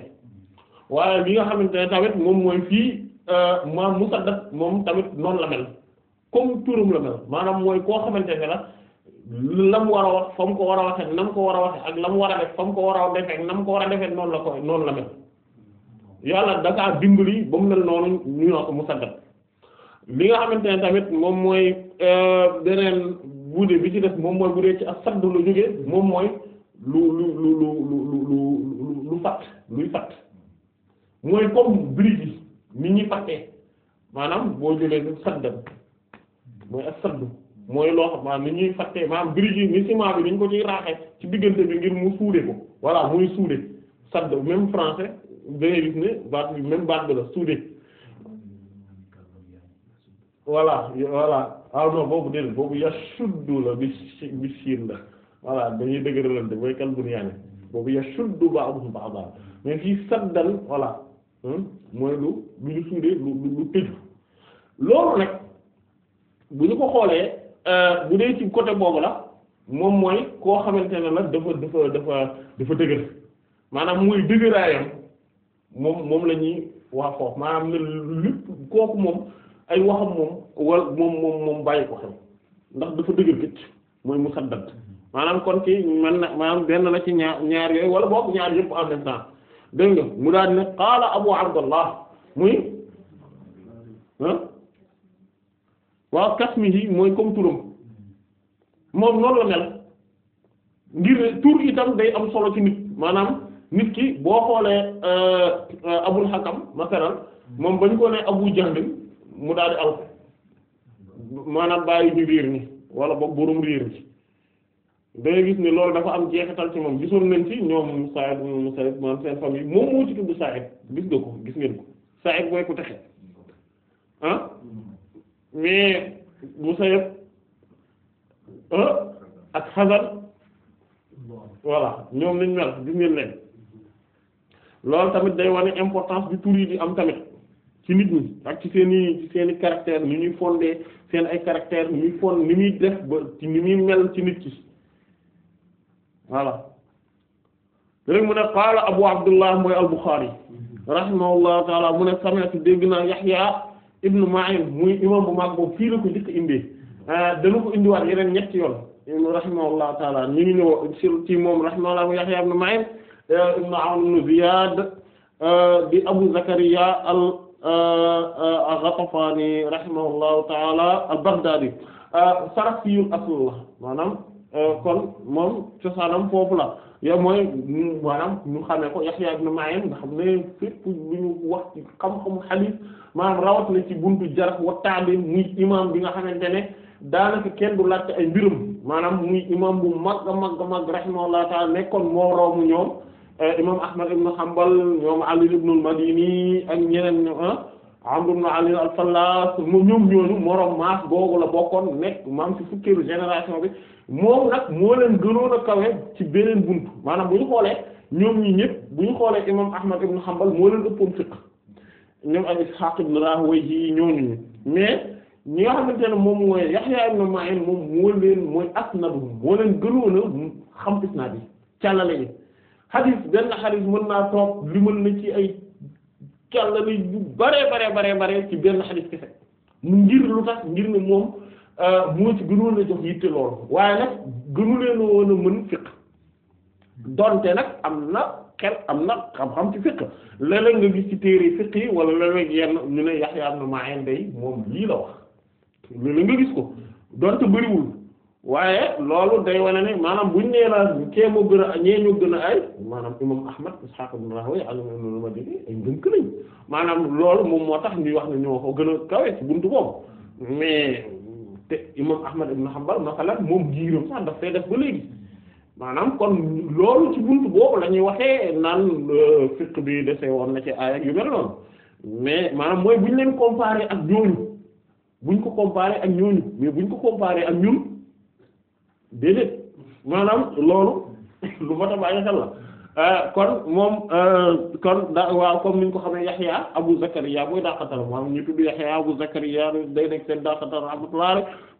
waaye li nga xamante ne tamit moom mooy fii euh, ma musaddat moom tamit noonu la mel comme maanaam mooy koo xamante ne la la mu a wax fa ko war a waxee na mu ko war a waxee ak la mu war a war a defee ko war a defee noonu noonu la yàlla da dimbali ba mu mel noonu ñu na ko musaddat li nga xamante ne tamit moom mooy Euh, beneen bude bi ci def moom mooy bu dee ci ak sadd lu jógee moom mooy lu lu lu lu lu lu lu fatt luy fatt mooy comme brique yi nit ñi fattee maanaam boo jëlee saddam mooy ak sadd mooy loo xam maanaam ni ñuy fattee maanaam brique yi ni ciment bi dañ ko ciy raaxee ci diggante bi ngir mu suude ko voilà muy suude sadd même français da ngay gis ne baat bi même baat bi la suude voilà voilà ah non boobu de boobu yashuddu la bi bi siin la voilà dañuy dëgëralante mooy kal bunyaani boobu yashuddu ba'duhum ba'dan mais fii saddal voilà hmm, mooy lu lu ñu suudee lu lu tëju loolu nag bu ñu ko xoolee euh, bu dee ci côté boobu la moom mooy koo xamante ne la dafa dafa dafa dafa dëgër maanaam muy dëgëraayam moom moom la ñuy waa foofu maanaam lépp kooku moom. ay waxam moom wal moom moom moom bàyyi ko xel ndax dafa dëgër gëcc mooy musaddad maanaam kon ci man na maanaam benn na ci ñaar ñaar yooyu wala boog ñaar yëpp en même temps dégg nga mu daan ne qaala abu abdallah muy ah waaw kasmihi mooy comme turam moom noonu la mel ngir tur itam day am solo ci nit maanaam nit ki boo xoolee euh, euh, abul hakam masalan moom bañ ko ne abu jahl mu daal di alko maanaam bàyyi ñu riir ñi wala boog borom riir ñi dangay gis ne loolu dafa am jeexital ci moom gisoon nañ ci ñoom Saïd Musayyib maanaam seen famille moom moo ci tudd Saïd gis nga ko gis ngeen ko Saïd mooy ku texe ah mais Musayyib ah ak Xazar voilà ñoom lañ mel gis ngeen leen loolu tamit day wane importance bi tur yi di am tamit ci nit ñi ak ci seen i ci seen i caractère ni ñuy fondé seen ay caractère ni muy fond ni muy def ba ci ni muy mel ci nit ki voilà léegi mu ne qaala Abu Abdullah mooy al-Bukhari rahimahullahu taala mu ne sami'tu dégg naa Yahya ibnu Ma'in muy imam bu mag boobu fii la ko njëkk indi ah, dana ko indiwaat yeneen ñetti yoon rahimahullahu taala ñu ngi ñëw ci ci moom rahimahullah mu Yahya ibnu Ma'in ah, ibnu Awn ibnu Ziyad ah, di Abu Zakariya al al-Ghatafani rahimahullahu ta'ala al-Baghdadi sarafiyul asl la maanaam kon moom cosaanam foofu la yow mooy maanaam ñu xamee ko Yahya ibn Ma'in nga xam ne fépp lu ñu wax ci xam-xamu hadith maanaam rawat na ci buntu jarh wa ta'dil muy imam bi nga xamante ne daanaka kenn du laajte ay mbirum maanaam muy imam bu mag a mag a mag rahimahullahu ta'ala nekkoon moo raw ñoom Eh, imam Ahmad ibn Hanbal ñoom Ali ibn al-Madini ak ñeneen ñu ah, Amr ibn Ali al mu ñoom ñooñu moroom maas googu la bokkoon nekk maam ci fukkeelu génération bi moom nag moo leen gënoon a kawe ci beneen bunt maanaam bu ñu xoolee ñoom ñi ñëpp bu ñu xoolee imam Ahmad ibn Hanbal moo leen ëppoon fiqh ñoom ak Ishaq ibn Rahawayhi ñooñu ñu mais ñi nga xamante ne moom mooy Yahya ibn Ma'in moom moo leen mooy asnadu moo leen gënoon a xam isnaad yi càllale yi xadis benn xadis mën naa toog li mën na ci ay càllala yu bare bare bare bare ci benn xadis kese ngir lu tax ngir ne moom euh, moo ci gënoon a jox yitte loolu waaye nag gënuleen woon a mën fiq donte nag am na xel am na xam-xam ci fiq léeg-léeg nga gis ci téere fiq yi wala léeg-léeg yenn ñu ne Yahya ibn Ma'in day nga gis ko donte bëriwul waaye loolu day wane ne maanaam buñ nee la kee moo gën a ñee ñoo gën a ay maanaam imam ahmad ishaq ibn rahway alim ibn al-madini ay ngënk maanaam loolu moom moo tax ñuy wax ne ñoo ko gën a kawe ci buntu boobu mais te imam ahmad ibn hanbal masalan moom giiram daf fay def ba maanaam kon loolu ci buntu boobu la ñuy waxee naan euh, fiqh bi dese woon na ci ak yu mel noonu mais maanaam mooy buñ leen comparé ak ñooñu buñ ko comparé ak ñooñu mais buñ ko comparé ak ñun déedéet maanaam loolu lu mot a bàyyi xel la euh, kon moom euh, kon da waaw comme ni ko xamee Yaxya Abu Zakariya mooy daqatal maanaam ñu tudd Yaxya Abu Zakariya day nekk seen daqatal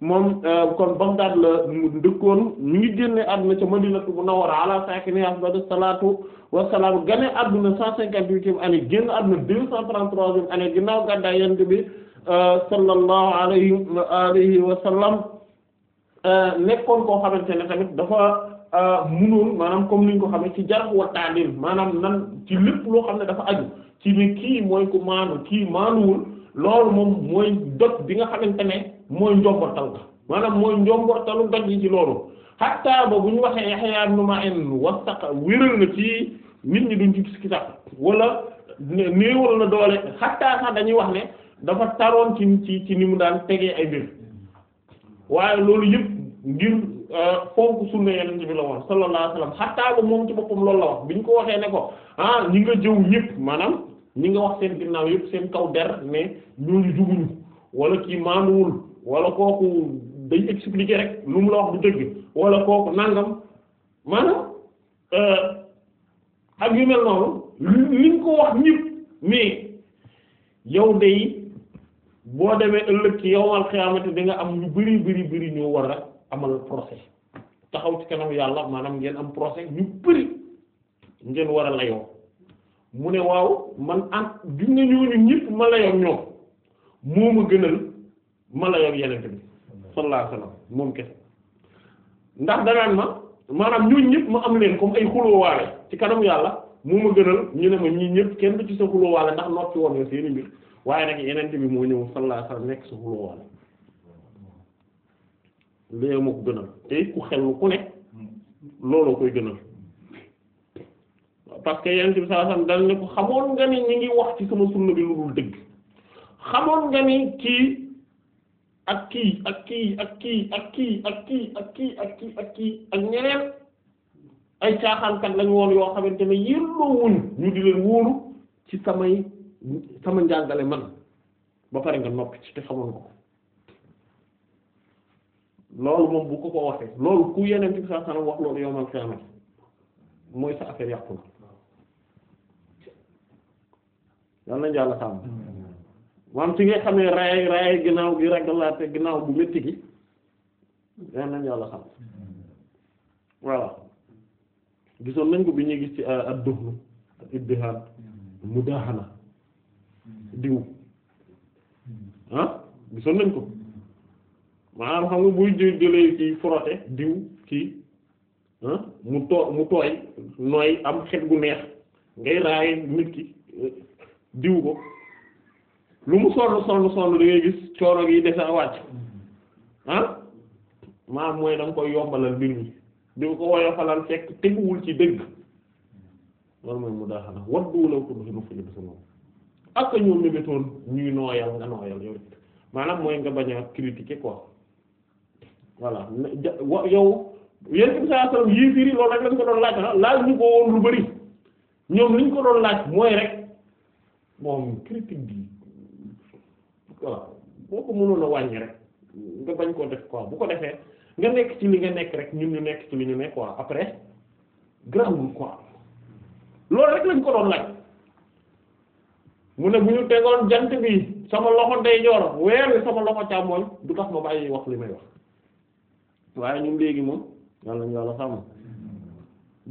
moom euh, kon Bagdad la mu dëkkoon ñu ngi génne àdduna ca Madinatu a ala saakini afdalu salaatu wa salaam gane àdduna cent cinquante-huitième année génn àdduna deux cent trente-troisième année ginnaaw gàddaay Yonent bi sallallahu alayhi wa alihi wa Euh, nekkoon koo xamante ne tamit dafa euh, munoon maanaam comme niñ ko xamee ci jarh wa maanaam nan ci lépp loo xam ne dafa aju ci ne kii mooy ku maanu kii maanuwul loolu moom mooy dot bi nga xamante ne mooy njombortal ga maanaam mooy njombortalu doj yi ci loolu hatta ba bu ñu waxee Yahya ibn Ma'in wasaq wéral na ci nit ñi duñ ci gis wala néewal na doole hatta sax dañuy wax ne dafa taroon ci ci ci ni mu daan tegee ay mbir waaye loolu yëpp ngir euh, fonk sunna yeneen bi la woon sallallahu alayhi wasallam moom ci boppam loolu la wax bi ñu ko waxee ne ko ah ñi nga jëw ñëpp maanaam ñi nga wax seen ginnaaw yëpp seen kaw der ne ñooñu juguñu wala kii maanuwul wala kooku day expliquer rek lu mu la wax du dëgg wala kooku nangam maanaam euh, ak yu mel noonu liñ ko wax ñëpp mais yow day boo demee ëllëg ci yowmal xiyaamati di nga am ñu bari bari bari ñoo war a amal procès taxaw ci kanam yàlla maanaam ngeen am procès ñu bari ngeen war a layoo mu ne waaw man an di nga ñooñu ñëpp ma layoon ñoom moo ma gënal ma layoon yeneen bi moom kese ndax danaan ma maanaam ñooñu ñëpp ma am leen comme ay xulóowaale ci kanam yàlla moo ma gënal ñu ne ma ñii ñëpp kenn du ci sa xulóowaale ndax noppi woon nga seeni mbir waaye nag yeneen bi moo ñëw sallallahu alayhi wasallam nekk su xul woon léegi moo ko gënal te ku xel ku ne looloo koy gënal parce que yeneen bi sallallahu alayhi wasallam dal ne ko xamoon nga ni ñi ngi wax ci sama sunna bi lu dul dëgg xamoon nga ni kii ak kii ak kii ak kii ak kii ak kii ak kii ak kii ak ñeneen ay caaxaankat lañu woon yoo xamante ne yëlloo wuñ ñu di leen wóolu ci samay sama njàngale man ba pare nga noppi ci te xamoon ko loolu moom bu ko ko waxee loolu ku yeneen ci saa sanam wax loolu yomal xeamati mooy sa affaire yàqu na yal nañ yàlla sàmm ci nga xam ne ray ray ginnaaw gi ragalaate ginnaaw bu métti gi nañ yàlla sàmm voilà gisoon nañ ko bi ñuy gis ci euh, ad-duhn ak ibtihaad mudahana diw ah gisoon nañ ko maanaam xam nga buy jëlee ci frotter diw ci ah mu too mu tooy nooy am xet gu neex ngay raay nit ki eh, diw ko lu mu sonn sonn sonn da ngay gis coono gi dese a wàcc ah maanaam mooy da nga koy yombalal mbir mi di ko woyofalal fekk teguwul ci dëgg loolu mooy mu daaxana wat duwulaw ko du si nu fu ñu moom ak ñoo mébétoon ñuy nooyal nga nooyal yow maanaam mooy nga bañ a critiquer quoi voilà wa yow yéen bi saa sallam yii fiiri loolu doon laaj a ah. laaj ñu ko woon bari ñoom liñ ko doon laaj mooy rek boo ko mënoon nga bañ koo def quoi bu ko defee nga nekk ci li nga nekk rek ñu nekk ci li ñu nekk quoi après grawul quoi loolu rek lañ ko doon laaj mu ne bu ñu tegoon jant bi sama loxo ndeyjoor weer wi sama loxo càmmooñ du tax ma bàyyi wax li may wax waaye ñun léegi moom yàlla ñu sàmm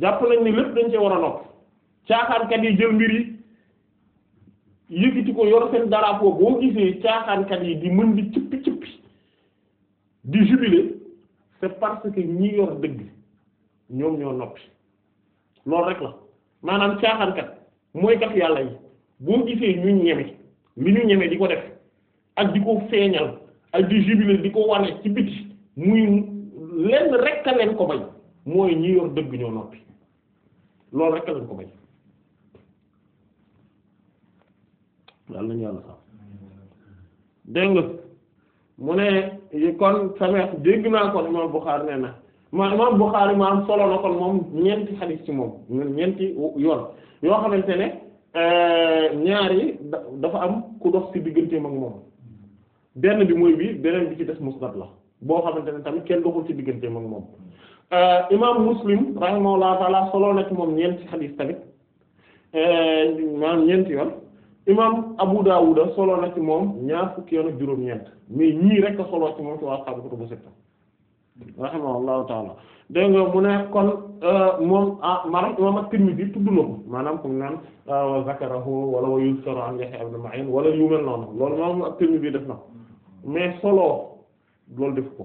jàpp nañ ni lépp dañ ci war a nopp caaxaankat yi jël mbir yi ko yor seen boo gisee caaxaankat yi di mën di cippi cippi di jubiler c'est parce que ñi yor dëgg ñoom ñoo noppi loolu rek la maanaam caaxaankat mooy gaf yàlla yi boo gisee ñu ñeme li ñu ñeme di ko def ak di ko feeñal ak di jubiler di ko wane ci biti muy lenn rek a leen ko may mooy ñi yor dëgg ñoo noppi loolu rek a leen ko may yàlla nañu yàlla sax dégg mu ne kon sameex dégg naa kon imaam Buxaari nee na imaam Buxaari ma am solo na kon moom ñeenti xadiis ci moom ñeenti yoon yoo xamante ne Euh, ñaar yi dafa am ku dox ci digganteem ak moom benn bi mooy bii beneen bi ci des musnad la boo xamante ne tamit kenn doxul ci digganteem ak moom euh, imaam muslim rahimahullahu taala solo na ci moom ñeenti xadiis tamit euh, maanaam ñeenti yoon imaam Abu Dawud solo na ci moom ñaar fukki yoon ak juróom-ñeent mais ñii rek a ci moom ci waa xaabu kutubu sitta rahimahullahu taala dégg nga mu ne kon euh, moom ah maanaam imaam at-Tirmidhi tudd na ko maanaam comme naan euh, wa zakarahu wala wa yuzkaru an Yahya ibn Ma'in wala yu mel noonu loolu moom at-Tirmidhi def na ko solo loolu def ko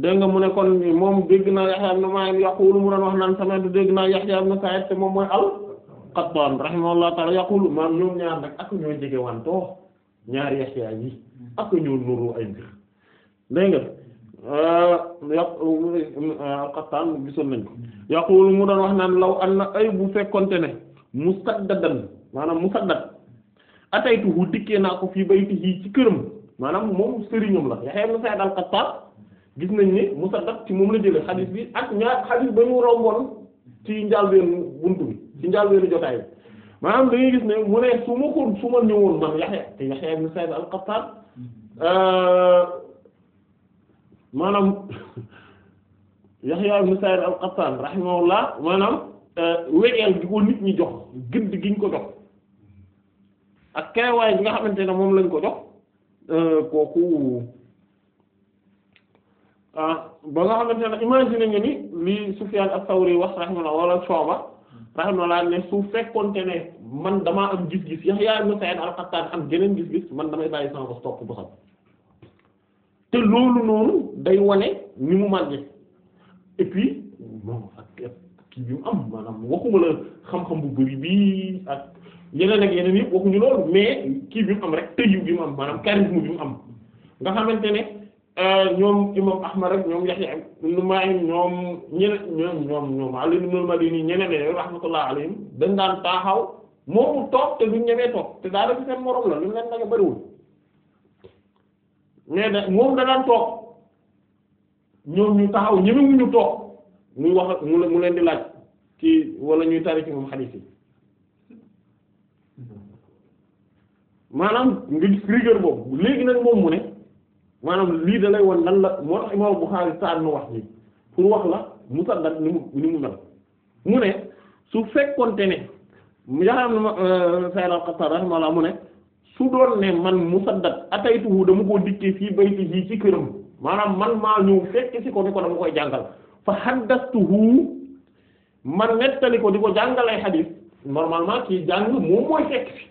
dégg mu ne kon moom dégg naa Yahya ibn Ma'in yaqulu mu doon wax naan sama dégg naa Yahya ibn Sa'id te moom mooy al-Qattan rahimahullahu ta'ala yaqulu maanaam ñoom ñaar nag ak ñoo jege wantoo ñaari Yahya ak ñoo nuru ay mbir dégg al-Qattan gisoon nañ ko yaqulu mu doon wax naan law an na ay bu fekkonte ne musaddadan maanaam musaddad ataytuhu dikkee naa ko fii baytihi ci këram maanaam moom sëriñam la Yahya ibn Sa'id al-Qattan gis nañ ni musaddad ci moom la jëlee xadis bi ak ñaar xadis ba ñu romboon ci njàlbéenu buntu bi ci njàlbéenu jotaay bi maanaam da gis ne mu ne su ma ko su ma ñëwoon man Yahya te Yahya ibn Sa'id al-Qattan euh, maanaam Yahya ibn Sa'id al-Qattan maanaam euh, wegeel gi ko nit ñi jox gëdd gi ñu ko jox ak keewaay bi nga xamante ne moom lañ ko jox euh, kooku ah ba nga xamante ne imaginer nga ni li Sufyan as-Sawri wax rahimahullah wala Shu'ba rahimahullah ne su fekkonte ne man damaa am gis-gis Yahya ibn Sa'id al-Qattan am geneen gis-gis man damay bàyyi sama bopp topp bosam te loolu noonu day wane ni mu màgge et moom ak kii bi mu am maanaam waxuma la xam-xam bu bari bi ak yeneen ak yeneen yëpp waxuñu loolu mais kii bi mu am rek tëju bi mu am maanaam charisme bi mu am nga xamante ne euh, ñoom imam Ahmad rek ñoom Yahya ibn Ma'in ñoom ñeneen ñoom ñoom ñoom Ali ibn al-Madini ñeneen ñeneen rahmatullah alayhim dañ daan taaxaw moomu toog te duñ ñemee toog te daa def seen morom la lu leen nag a bariwul nee na moom da daan toog ñoom ñu taxaw ñemewuñu toog muy wax mu leen di laaj ci wala ñuy tari ci moom xadiis yi maanaam nga gis boobu léegi nag moom mu ne maanaam lii da lay won nan la moo tax imam Bukhari tànn wax ni pour wax la musaddad ni mu ni mu mel mu ne su fekkonte ne yaxam na ma euh, Sayyid al mu ne su doon ne man musaddad ataytuhu dama koo dikkee fii baytihi ci këram maanaam man maa ñëw fekk si ko dama koy jàngal fa haddastuhu man nettali ko di ko jàngalay xadiis normalement kii jàng moom mooy fekk si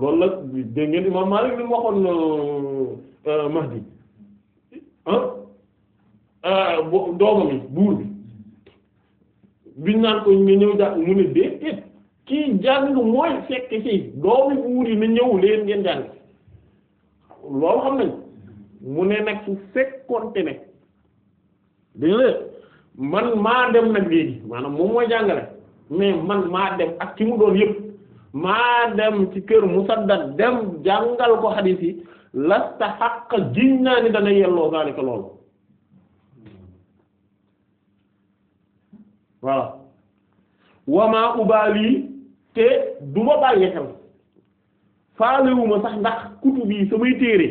loolu la dégg ngeen imam Maalik mu waxoon euh, euh, Mahdi euh, doomam yi buur bi biñ naan ko nga mu ne déedéet kii jàng mooy fekk ci doomi buur yi na ñëw leen ngeen jàng loolu xam nañ mu ne nag su fekkoonte ne dégg nga man maa dem nag léegi maanaam moom mooy jàngale mais man maa dem ak ci mu doon yëpp maa dem ci kër Musaddad dem jàngal ko xadiis yi lastaxaq giñ naa ni dana yelloo zalika loolu voilà wamaa ubaali te du ma bàyyi xel faalewuma sax ndax kutub yi samay téere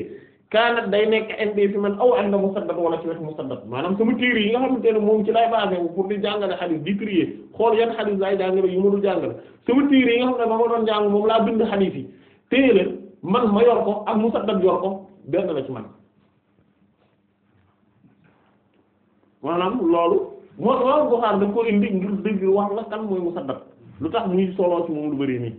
kaanat day nekk indi fi man aw ànda musaddad wala ci wet musaddad maanaam sama téere yi nga xam ne moom ci lay basé wu pour di jàngale xadis di ma du jàngale sama téere yi nga xam ne ba ma doon jàng moom laa bind xadis yi téere man ma yor ko ak musaddad yor ko benn la ci man maanaam loolu moo Buxaari daf ko indi ngir dëgg wax la kan mooy musaddad lu tax muy solo ci moom lu bëri nii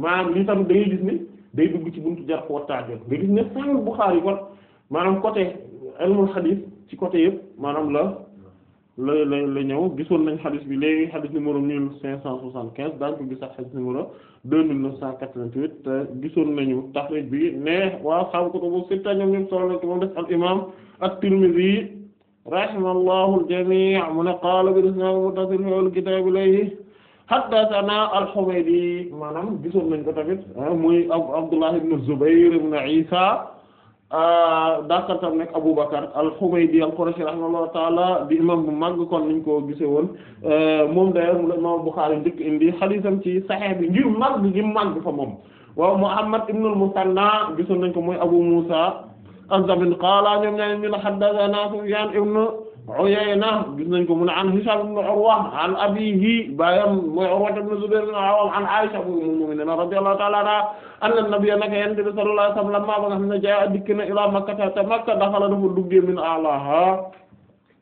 maanaam li tamit da gis ne day dugg ci buntu jar ko wattaajol nga gis bu sahih Bukhari kon maanaam côté ilmul hadith ci côté yëpp maanaam la la la la ñëw gisoon nañ hadith bi léegi hadith numéro mille cinq cent soixante quinze daañu ko gisaat hadith numéro deux mille neuf cent quatre-vingt-huit gisoon nañu taxrij bi ne waaw xam ko bu sitta ñoom ñoom solo nañ ko moom def al imam at-Tirmidhi rahimallahu al-jamii' mu ne qaala bi-l-isnaad al-muttasil fil kitaab ilayhi haddathanaa al-Humaydi maanaam gisoon nañ ko tamit ah, muy Abdullah ibn Zubayr ibn Isa ah, daakar tam nekk Abu Bakr al-Humaydi al-Qurashi rahimahullahu ta'ala di imam bu mag kon niñ ko gise woon ah, moom d'ailleurs mu la imam Bukhari njëkk indi hadiisam ci Sahih bi ngir mag gi mag fa moom waaw Muhammad ibn al-Musanna gisoon nañ ko mooy Abu Musa an Sabin qaala ñoom ñaari ñu ne haddathana Sufyan ibn Uyayna gis nañ ko mu ne an Hisham ibn Urwa an abiihi baayam mooy Urwa ibn Zubayr ibn Awwam an Aisha ummul mu'minin radiyallahu ta'ala anha anna nabiyya naka yonent bi sallallahu alayhi wa sallam ba nga xam ne jaa dikk na ila Makka ta Makka dafa la dafa duggee min a'laha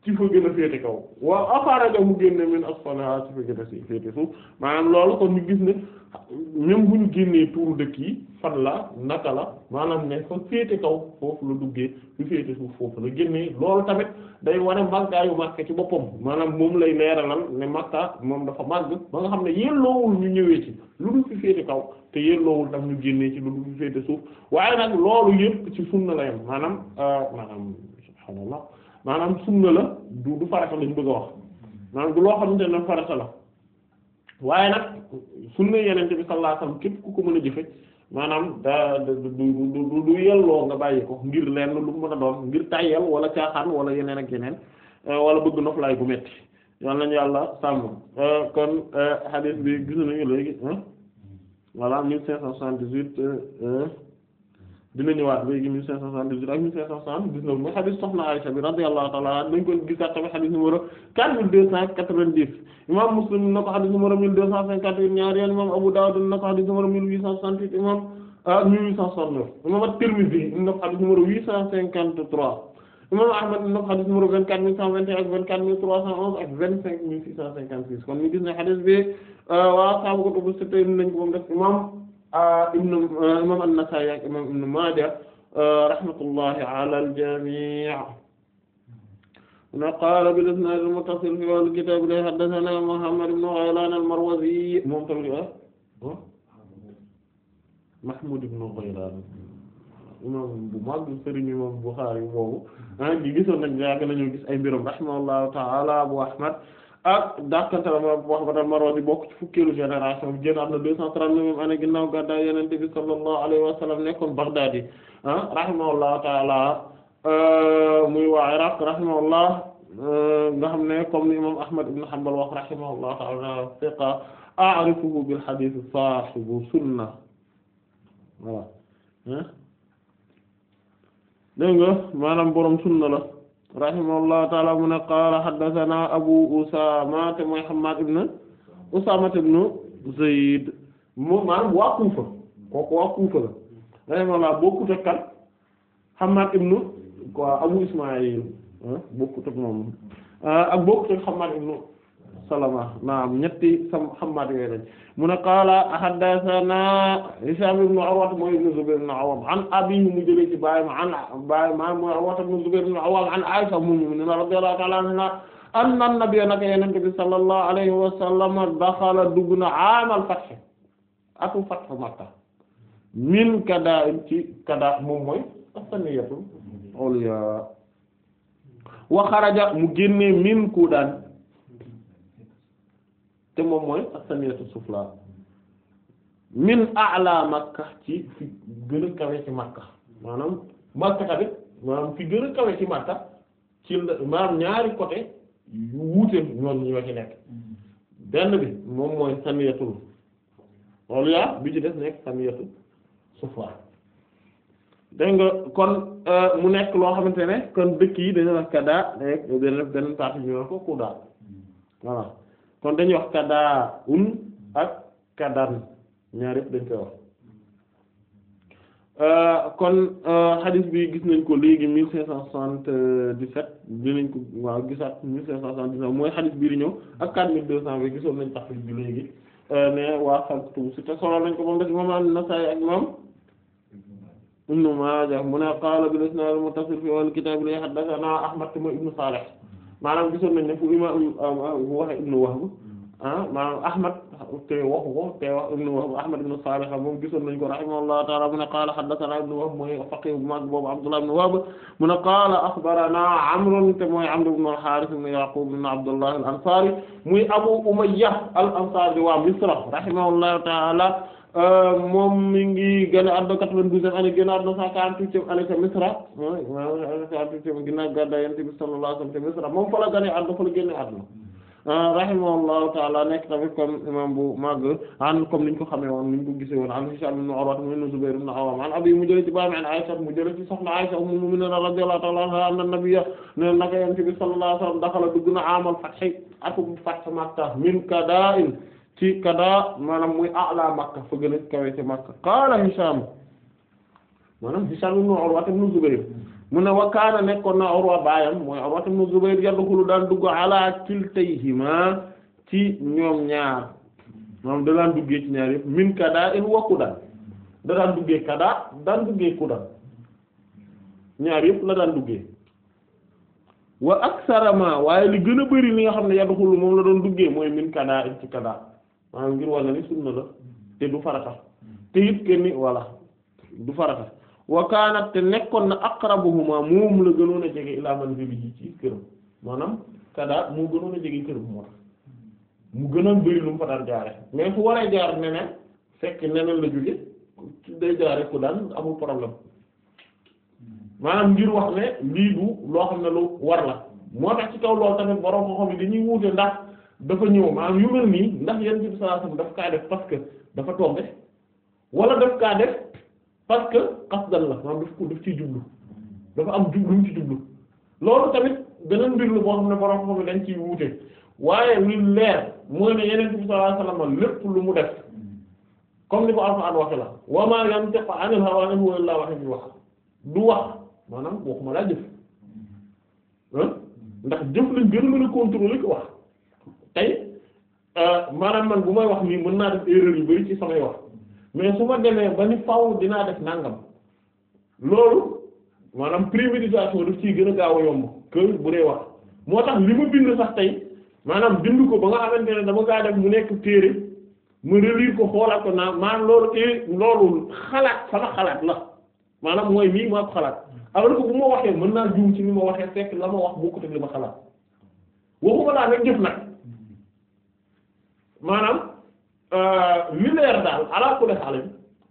ci fa gën a féete kaw waaw afaraja mu génne min asfala ci fa gën a féete suuf maanaam loolu kon ñu gis ne même bu ñu génnee tuuru dëkk yi fan la naka la maanaam ne fa féete kaw foofu la duggee fi féete suuf foofu la génnee loolu tamit day wane màggaayu marke ci boppam maanaam moom lay leeralal ne Makka moom dafa màgg ba nga xam ne yelloowul ñu ñëwee ci lu dul fi féete kaw te yelloowul tam ñu génnee ci lu dul fi féete suuf waaye nag loolu yëpp ci sunna la yam maanaam euh, maanaam maanaam sunna la du du farata lañ bëgg a wax maanaam du loo xamante ne farata la waaye nag sunna yenente bi sallallahu alayhi wasallam képp ku ko mën a jëfe maanaam da du du du yelloo nga bàyyi ko ngir lenn lu mën a doon ngir tàyyel wala caaxaan wala yeneen ak yeneen euh, wala bëgg noflaay bu metti yal nañu yàlla sàmm euh, kon euh, hadith bi gis nañu léegi voilà mille cinq cent soixante-dix-huit dina ñëwaat léegi mille cinq cent soixante-dix-huit ak mille cinq mooy xadis soxna Aysa bi radiyallahu ta'ala anha dañ ko gisaat tamit xadis numéro quatre mille deux cent quatre vingt imam Muslim na ko xadis numéro mille deux cent cinquante-huit ñaari yoon imam Abu Dawud na ko xadis numéro mille huit cent soixante-huit imam euh, mille huit cent soixante-neuf imam At-Tirmidhi na ko xadis ko xadis numéro vingt-quatre mille cent trois cent onze ak vingt-cinq mille six cent cinquante-six kon ñu gis ne xadis euh, ibnu imam an-Nasa'i ak imam ibnu Maaja rahmatullahi ala al-jami' qaala bil-isnaad al-muttasil fi awwal kitaab li haddathanaa Muhammad ibn Ghaylaan al-Marwazi moom tamit ah Mahmud ibn Ghaylaan imam bu mag sëriñ imam Bukhari boobu ah gi gisoon nañ yàgg nañu gis ay mbiram rahimahullahu ta'ala Abu Ahmad ak dàkkantalam Muhammad al-Marwazi bokk ci fukkeelu génération bi génn am na deux cent trente-neuf année ginnaaw gàddaay Yonent bi sallallahu alayhi wa sallam nekkoon Baghdadi ah rahimahullahu taala euh, muy waa Iraq rahimahullah euh, nga xam ne comme ni imam Ahmad ibn Hanbal wax rahimahullahu taala thiqa a'rifuhu bil hadith sahibu sunna voilà dégg nga maanaam borom sunna la rahimahullahu taala mu ne qaala haddathana abu usama te mooy hammad ibn usama ibn zayd moom maanaam waa kuufa kooku waa kuufa la rahimahullah bokkut ak kan ibn quoi abu ismail ah, bokkut ak moom ah, ak bokkut ak hammad ibn Salama naam ñetti sam Hammaad yooyu lañ mu ne qaala haddathana Hishaam ibn Urwa mooy ibn Zubayr ibn Awwaam an abiihi mu jëlee ci baayam an baayam mooy Urwa ibn Zubayr ibn Awwaam an Aisha ummul mu'miniin radiyallahu ta'ala anha anna an-nabiyya naka Yonent bi sallallahu alayhi wa sallam dakhala dugg na aamal fath ak fathu Makka min kada ci kada moom mooy as-saniyyatul ulya wa xaraja mu génnee min Kuudaan te moom mooy as-saniyatu sufla min a'la makka ci fi gën a kawe ci makka maanaam makka tamit maanaam fi gën a kawe ci makka ci maanaam ñaari côté yu wuute ñoom ñoo ci nekk benn bi moom mooy saniyatul ulya bi ci des nekk saniyatu sufla dégg nga kon euh, mu nekk loo xamante ne kon dëkk yi dañu wax kada nekk benn benn partie ñu ko kudaa voilà kon dañuy wax kada un ak kadan ñaar yëpp dañ koy wax euh, kon hadith euh, bi gis nañ ko léegi mille cinq cent soixante-dix-sept dinañ ko waaw gisaat mille cinq cent soixante-dix-sept mooy hadith bii di ñëw ak quatre mille deux cent bi gisoon nañ tax bi léegi euh, ne waa xaltubu si te solo nañ ko moom def imam an-Nasa'i ak imam Ibn Maaja mu ne qaala bil isnaad al-muttasil fi awwal kitaab li haddathana Ahmad ibn Salih maanaam gisoon nañ ne fu imam um, um, waxe ibnu Wahb hmm. ah maanaam Ahmad te waxu ko te wax ibnu Wahb Ahmad ibnu Salih moom gisoon nañ ko rahimahullahu ta'ala mu ne qaala haddathana ibnu Wahb mooy faqih bu mag boobu Abdullah ibnu Wahb mu ne qaala akhbarana Amr te mooy Amr ibnu al-Harith ibnu Yaqub ibnu Abdullah al-Ansari muy Abu Umayya al-Ansari wa Misra rahimahullahu ta'ala Euh, moom mi ngi gën a àdduna 92e année gën a àdduna 148e année ca Misra moom fa la gën a àdduna fa la génne euh, ta'ala nekk tamit imam bu màgg an comme niñ ko xamee woon niñ ko gisee woon an Hisham ibn Urwa ibn Zubayr ibn Awwam an abi mu jële baam an Aisha mu jële ci soxna Aisha ummul mu'minin radiyallahu ta'ala anha anna ne naka Yonent bi sallallahu alayhi wa sallam daxala dugg na amal fath ak fath ci kada maanaam muy a'la Makka fa gën a kawe ci Makka qaala Hisham maanaam Hisham ibn Urwa ibn Zubayr mu ne wa nekkoon na Urwa baayam mooy Urwa ibn Zubayr yadxulu daan dugg ala kiltayhima ci ñoom ñaar maanaam da daan duggee ci ñaar yëpp min kada in wa kudan da daan duggee kada daan duggee kudan ñaar yëpp la daan duggee wa aksarama waaye li gën a bari li nga xam ne yadxulu moom la doon duggee mooy min kada in ci kada maanaam ngir walla la hmm. te du farata hmm. te it du farata wa kaanat te nekkoon na aqrabuhuma moom la gënoon a jege ilaa manzilihi ci maanaam kada moo gënoon a jege këram moo tax a bëri lu mu fa daan jaare mais fu waree hmm. ngir wax ne lii du loo xam ne lu war la moo tax ci kaw loolu tamit borom ko xam ne dañuy wuute ndax dafa ñëw maanaam yu mel nii ndax yonent bi sallallahu alayhi daf kaa def parce que dafa tombé wala daf kaa def parce que qasdan la maanaam daf ko daf ciy jublu dafa am jublu mu ci jublu loolu tamit beneen mbir la boo xam ne borom xam dañ ciy wuute waaye li leer mooy ne yonent bi sallallahu lépp lu mu def comme ni ko Alxuraan waxe la wa maa yantiqu anil hawaa in huwa illaa wahyun yuuhaa du wax maanaam waxuma laa jëf ndax jëf lañ gën a mën a contrôler ko wax. tey euh, maanaam man bu may wax nii mën naa def erreur yu bari ci samay wax mais su ma demee ba ni faaw dinaa def nangam loolu maanaam préméditation daf ciy gën gaaw a yomb bu dee wax moo tax li ma bind sax tey maanaam bind ko ba nga xamante ne dama kaa def mu nekk téere mu relire ko xoolaat ko naa maanaam loolu té e, loolu xalaat sama xalaat la maanaam mooy mii ma xalaat alors que bu ma waxee mën naa juum ci ni ma waxee fekk la ma wax bokkut ak li ma xalaat waxuma laa nag jëf nag maanaam euh, mineer daal ala kulli xaalis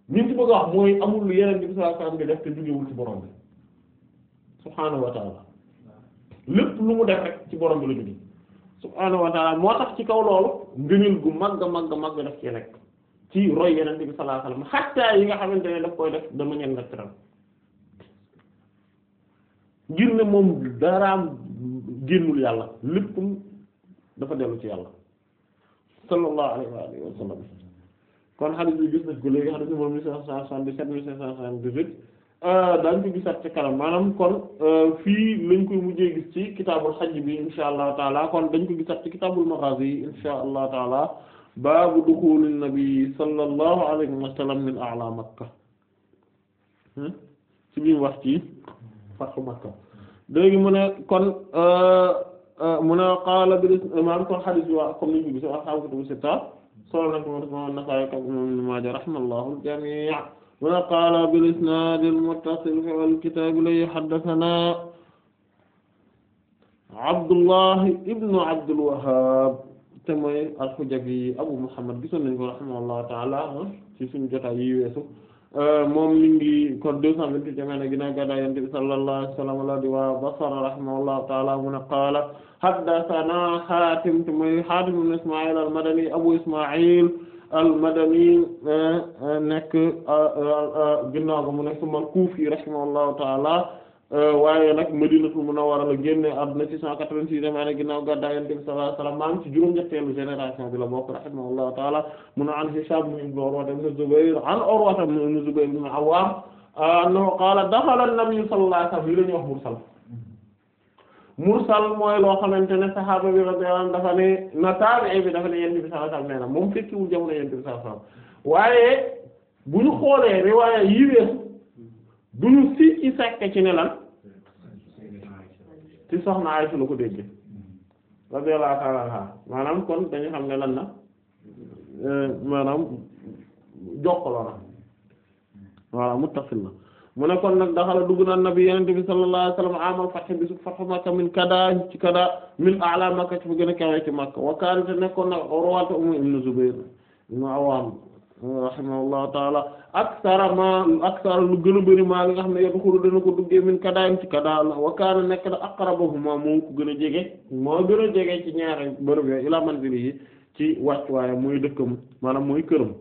ñu ci bëgg wax mooy amul lu yeneen bi sallallahu alayhi wasallam di def te jógewul ci borom bi subhaanahu wa lépp lu mu def rek ci borom bi la jóge subhaanahu wa moo tax ci kaw loolu ngëneel gu màgg màgg màgg def ci nekk ci roy yeneen bi sallallahu alayhi wasallam yi nga xamante ne daf koy def de manière naturelle ngir ne moom daraam génnul yàlla lépp dafa dellu ci yàlla sallallahu alayhi wa kon xadis bi gis nañ ko léegi xadis numéro mille cinq cent soixante-dix-sept mille cinq cent soixante-dix-huit euh, daañ ko gisaat ci kanam maanaam kon euh, fii lañ koy mujjee gis ci kitaabul xaj bi insha allahu taala kon dañ ko gisaat ci kitaabul maghazi yi insha allahu taala baabu duxulin nabi sallallahu alayhi wa sallam min a'la makka hmm? ci bimu wax ci fathu makka léegi mu ne kon euh, Euh, mu ne qaala bil imam kon xadis bi waa comme ni ñu gis waa xam kutubu sitta solo nak moom moom Nasaa'i ak Imaam Ibn Maaja rahimallahu al-jamii' mu ne qaala bil isnaad al-muttasil fil kitaab li haddathanaa Abdullah ibn Abdul Wahhab te mooy al-Hujabi Abu Muhammad gisoon nañ ko rahimahullahu ta'ala ah, ci suñu jotaay yi weesu Euh, moom mi ngi kon deux cent vingt-huitième année ginnaaw gàddaay Yonent bi sallallahu alayhi wa sallam la di waa Basra rahimahullahu ta'ala mu ne qaala haddathana Haatim te mooy Haatim ibn Isma'il al-Madani Abu Isma'il al-Madani euh, euh, nekk ginnaaw ga mu nekk suma al-Kufi rahimahullahu ta'ala Euh, waaye nag Madinatul Munawwara a génne àdduna six cent quatre-vingt-sixième année ginnaaw gàddaay Yonent bi sallallahu alayhi wasallam maam ci juróom-ñetteelu génération bi la bokk rahimahullahu ta'ala mun a an Hishaam ibn Urwa ibn Zubayr an Urwa ibn Zubayr ibn Awwaam annahu qaala daxala an-nabiy sallallahu alayhi wasallam yi la wax mursal mursal mooy loo xamante ne saxaaba bi radiyallahu anhu dafa ne na taabi'i bi dafa ne Yonent bi sallallahu alayhi wasallam na moom fekkiwul jamono Yonent waaye bu ñu xoolee ci soxna Aysa la ko dégg radiyallahu ta'ala anha maanaam kon dañu xam ne lan na euh, maanaam jokkaloo na voilà muttasil na mu nekkoon kon nag daxala dugg na nabi yenente bi sallallahu alayhi wasallam amal fath bi su fathu Makka min kada min a'la Makka ci gën a kawe ci Makka wa kaanat nekkoon na Urwatu Umm ibn Zubayr ibn Awwam rahimahullahu taala aksara ma aksara lu gën a bëri maa nga xam ne yadxulu dana ko duggee min kadaayam ci kadaa la wa kaana nekk na aqrabahuma moo ko gën a jege moo gën a jege ci ñaari bërëb yooyu ilaa manzilihi ci wàccuwaayam muy dëkkam maanaam muy këram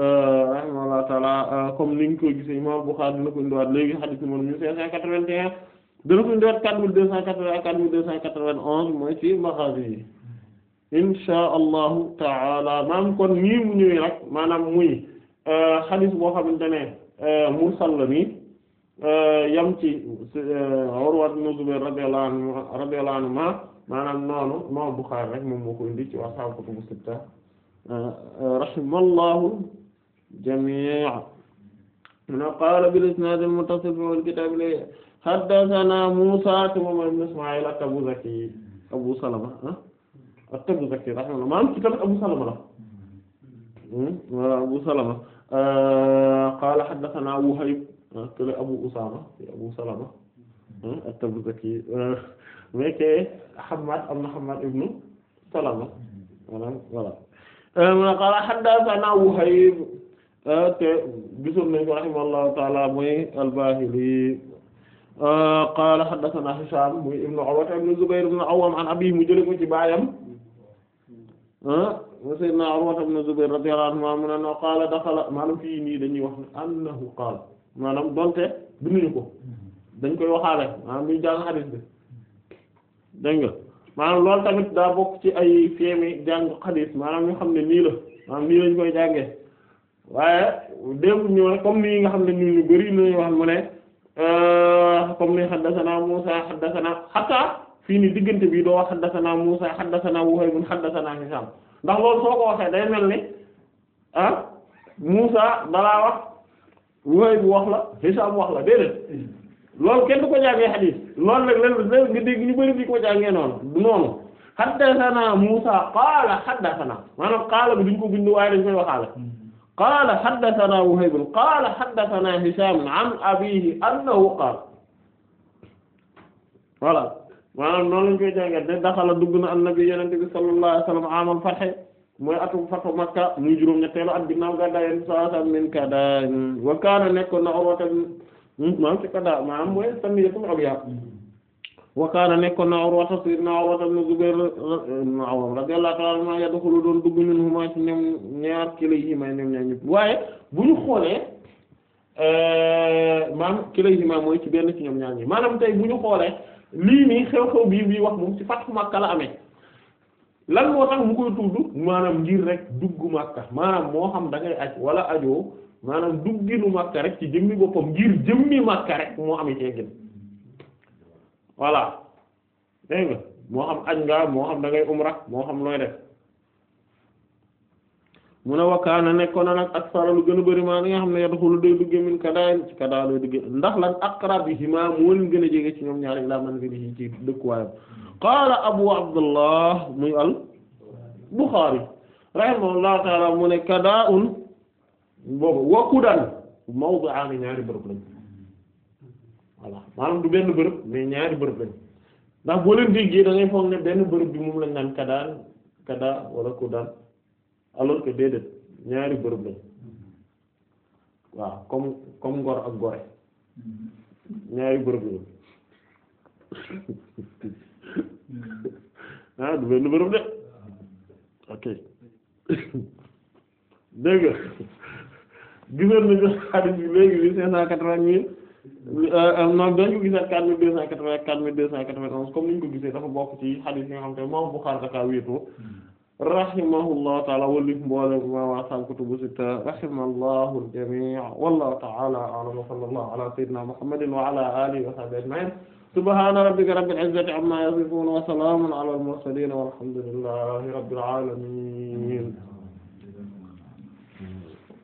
euh, rahimahullahu taala euh, comme ni nga ko gisee imaam Buxaari dina ko indiwaat léegi xadiis numéro mille cinq quatre-vingt-un dana ko indiwaat quatre mille deux cent quatre-vingt ak quatre mooy ci magasin insha allahu taala maam kon nii mu ñëwee nag maanaam muy euh, xadis boo xamante ne euh, mursal la nii euh, yam ci Urwa ibn Zubayr radiyallahu anhu radiyallahu anhu ma maanaam noonu imam Bukhari rek moom moo ko indi ci waa ashaabu kutubu sitta rahimallahu jamii'a na qaala bil isnaad al muttasil fil kitaab li haddathana Muusaa ibn Ismaa'iil Abu Zaki Abu Salama ah. at-Tabuzaki rahimahullah maanaam ci tamit Abu Salama la hmm, voilà Abu Salama euh, qaala haddathanaa Wuhayb ah, kële Abu Usaama Abu Salama at-Tabuzaki hmm, euh, mais que Hammaad am na Hammaad ibnu Salama voilà voilà euh, qaala haddathanaa Wuhayb te gisoon nañ ko rahimahullahu ta'aala mooy al-Baahili qaala haddathanaa Hishaam muy ibnu Urwa ibnu Zubayr ibnu Awwaam an abiihi mu jëlee ko ci baayam sayyidina Urwa ibn Zubayr radiyallahu anhu mu ne no qaala daxala maanaam fii nii dañuy wax ne annahu qaala maanaam donte binduñu ko dañ koy waxaale maanaam muy jàng xadis bi dégg nga maanaam loolu tamit daa bokk ci ay feemi jàng xadis maanaam ñu xam ne nii la maanaam nii lañ koy jàngee waaye démb ñëw comme nii nga xam ne ñun ñu bari nañu wax mu ne euh, comme ni haddathana Musa haddathana hatta fii nii diggante bi doo wax xaddasanaa Muusaa xaddasanaa Wuhaybun xaddasanaa Hisaam ndax loolu soo ko waxee day mel ni ah Muusaa dalaa wax Wuhayb wax la Hisaam wax la déedéet loolu kenn du ko jàngee xadiis loolu nag len len nga dégg ñu bari di ko jàngee noonu du noonu xaddasanaa Muusaa qaala xaddasanaa maanaam qaala bi duñ ko bind waaye dañ koy waxaale qaala xaddasanaa Wuhaybun qaala xaddasanaa Hisaam an abiihi annahu qaala voilà maanaam noonu lañ koy jàngat de daxala dugg na annabi yenente bi sallallahu alayhi wasallam amal fatxe mooy atum fatu makka muy juróom ñetteelu at ginnaaw gàddaay yenn sallallahu alayhi min kada wa kaana nekkoon na urwata hmm, maam ci kada maam mooy samiyatul ulya wa kaana nekkoon na urwata sayyidina urwata ibn doon dugg min huma ci ñoom ñaar kila yi may ñoom ñaar ñëpp waaye bu ñu xoolee euh, maam kila yi mooy ci benn ci ñoom ñaar ñi maanaam tey bu ñu xoolee lii nii xew-xew bii bii wax moom ci Fathu Makka la amee lan moo tax mu koy tudd maanaam ngir rek dugg Makka maanaam moo xam da ngay aj wala ajoo maanaam dugginu Makka rek ci jëmmi boppam ngir jëmmi Makka rek moo amee teggin voilà dégg nga moo xam aj nga moo xam da ngay umra moo xam looy def mu ne wakkaana nekkoon na nag aksara lu gën a bëri maa li nga xam ne yadxulu day dugge min kadaa ci kadaa lay ndax lan aqrabihima moo leen gën a jege ci ñoom ñaari ilaa manzilihi ci dëkkuwaayam qaala abu abdullah muy al buxaari rahimahullahu taala mu ne kadaa un boobu wakudan mawdu'aani ñaari bërëb lañ voilà maanaam du benn bërëb mais ñaari bërëb lañ ndax boo leen déggee da foog ne benn bërëb bi moom lañ naan kadaa kadaa wala kudan alors que déedéet ñaari bërëb lañ waaw comme comme ngor ak gore ñaari bërëb lañ ah, du benn bërëb de ok dégg gisoon nañu xarit bi léegi li cinq cent quatre-vingt euh, euh, non dañ ko gisaat quatre mille deux cent quatre-vingt quatre deux cent quatre-vingt comme ni ñu ko gisee dafa bokk ci xadis yi nga xam te moom Bukhari daka wéetoo rahimahullahu taala wallif mboole ma waa sam kutubu sitta rahimallahu al-jami' wallahu ta'ala a'lam wa sallallahu ala sayyidina muhammadin wa ala alihi wa sahbihi ajma'in subhana rabbika rabbil izzati amma yasifun wa salamun ala al-mursalin walhamdulillahi rabbil alamin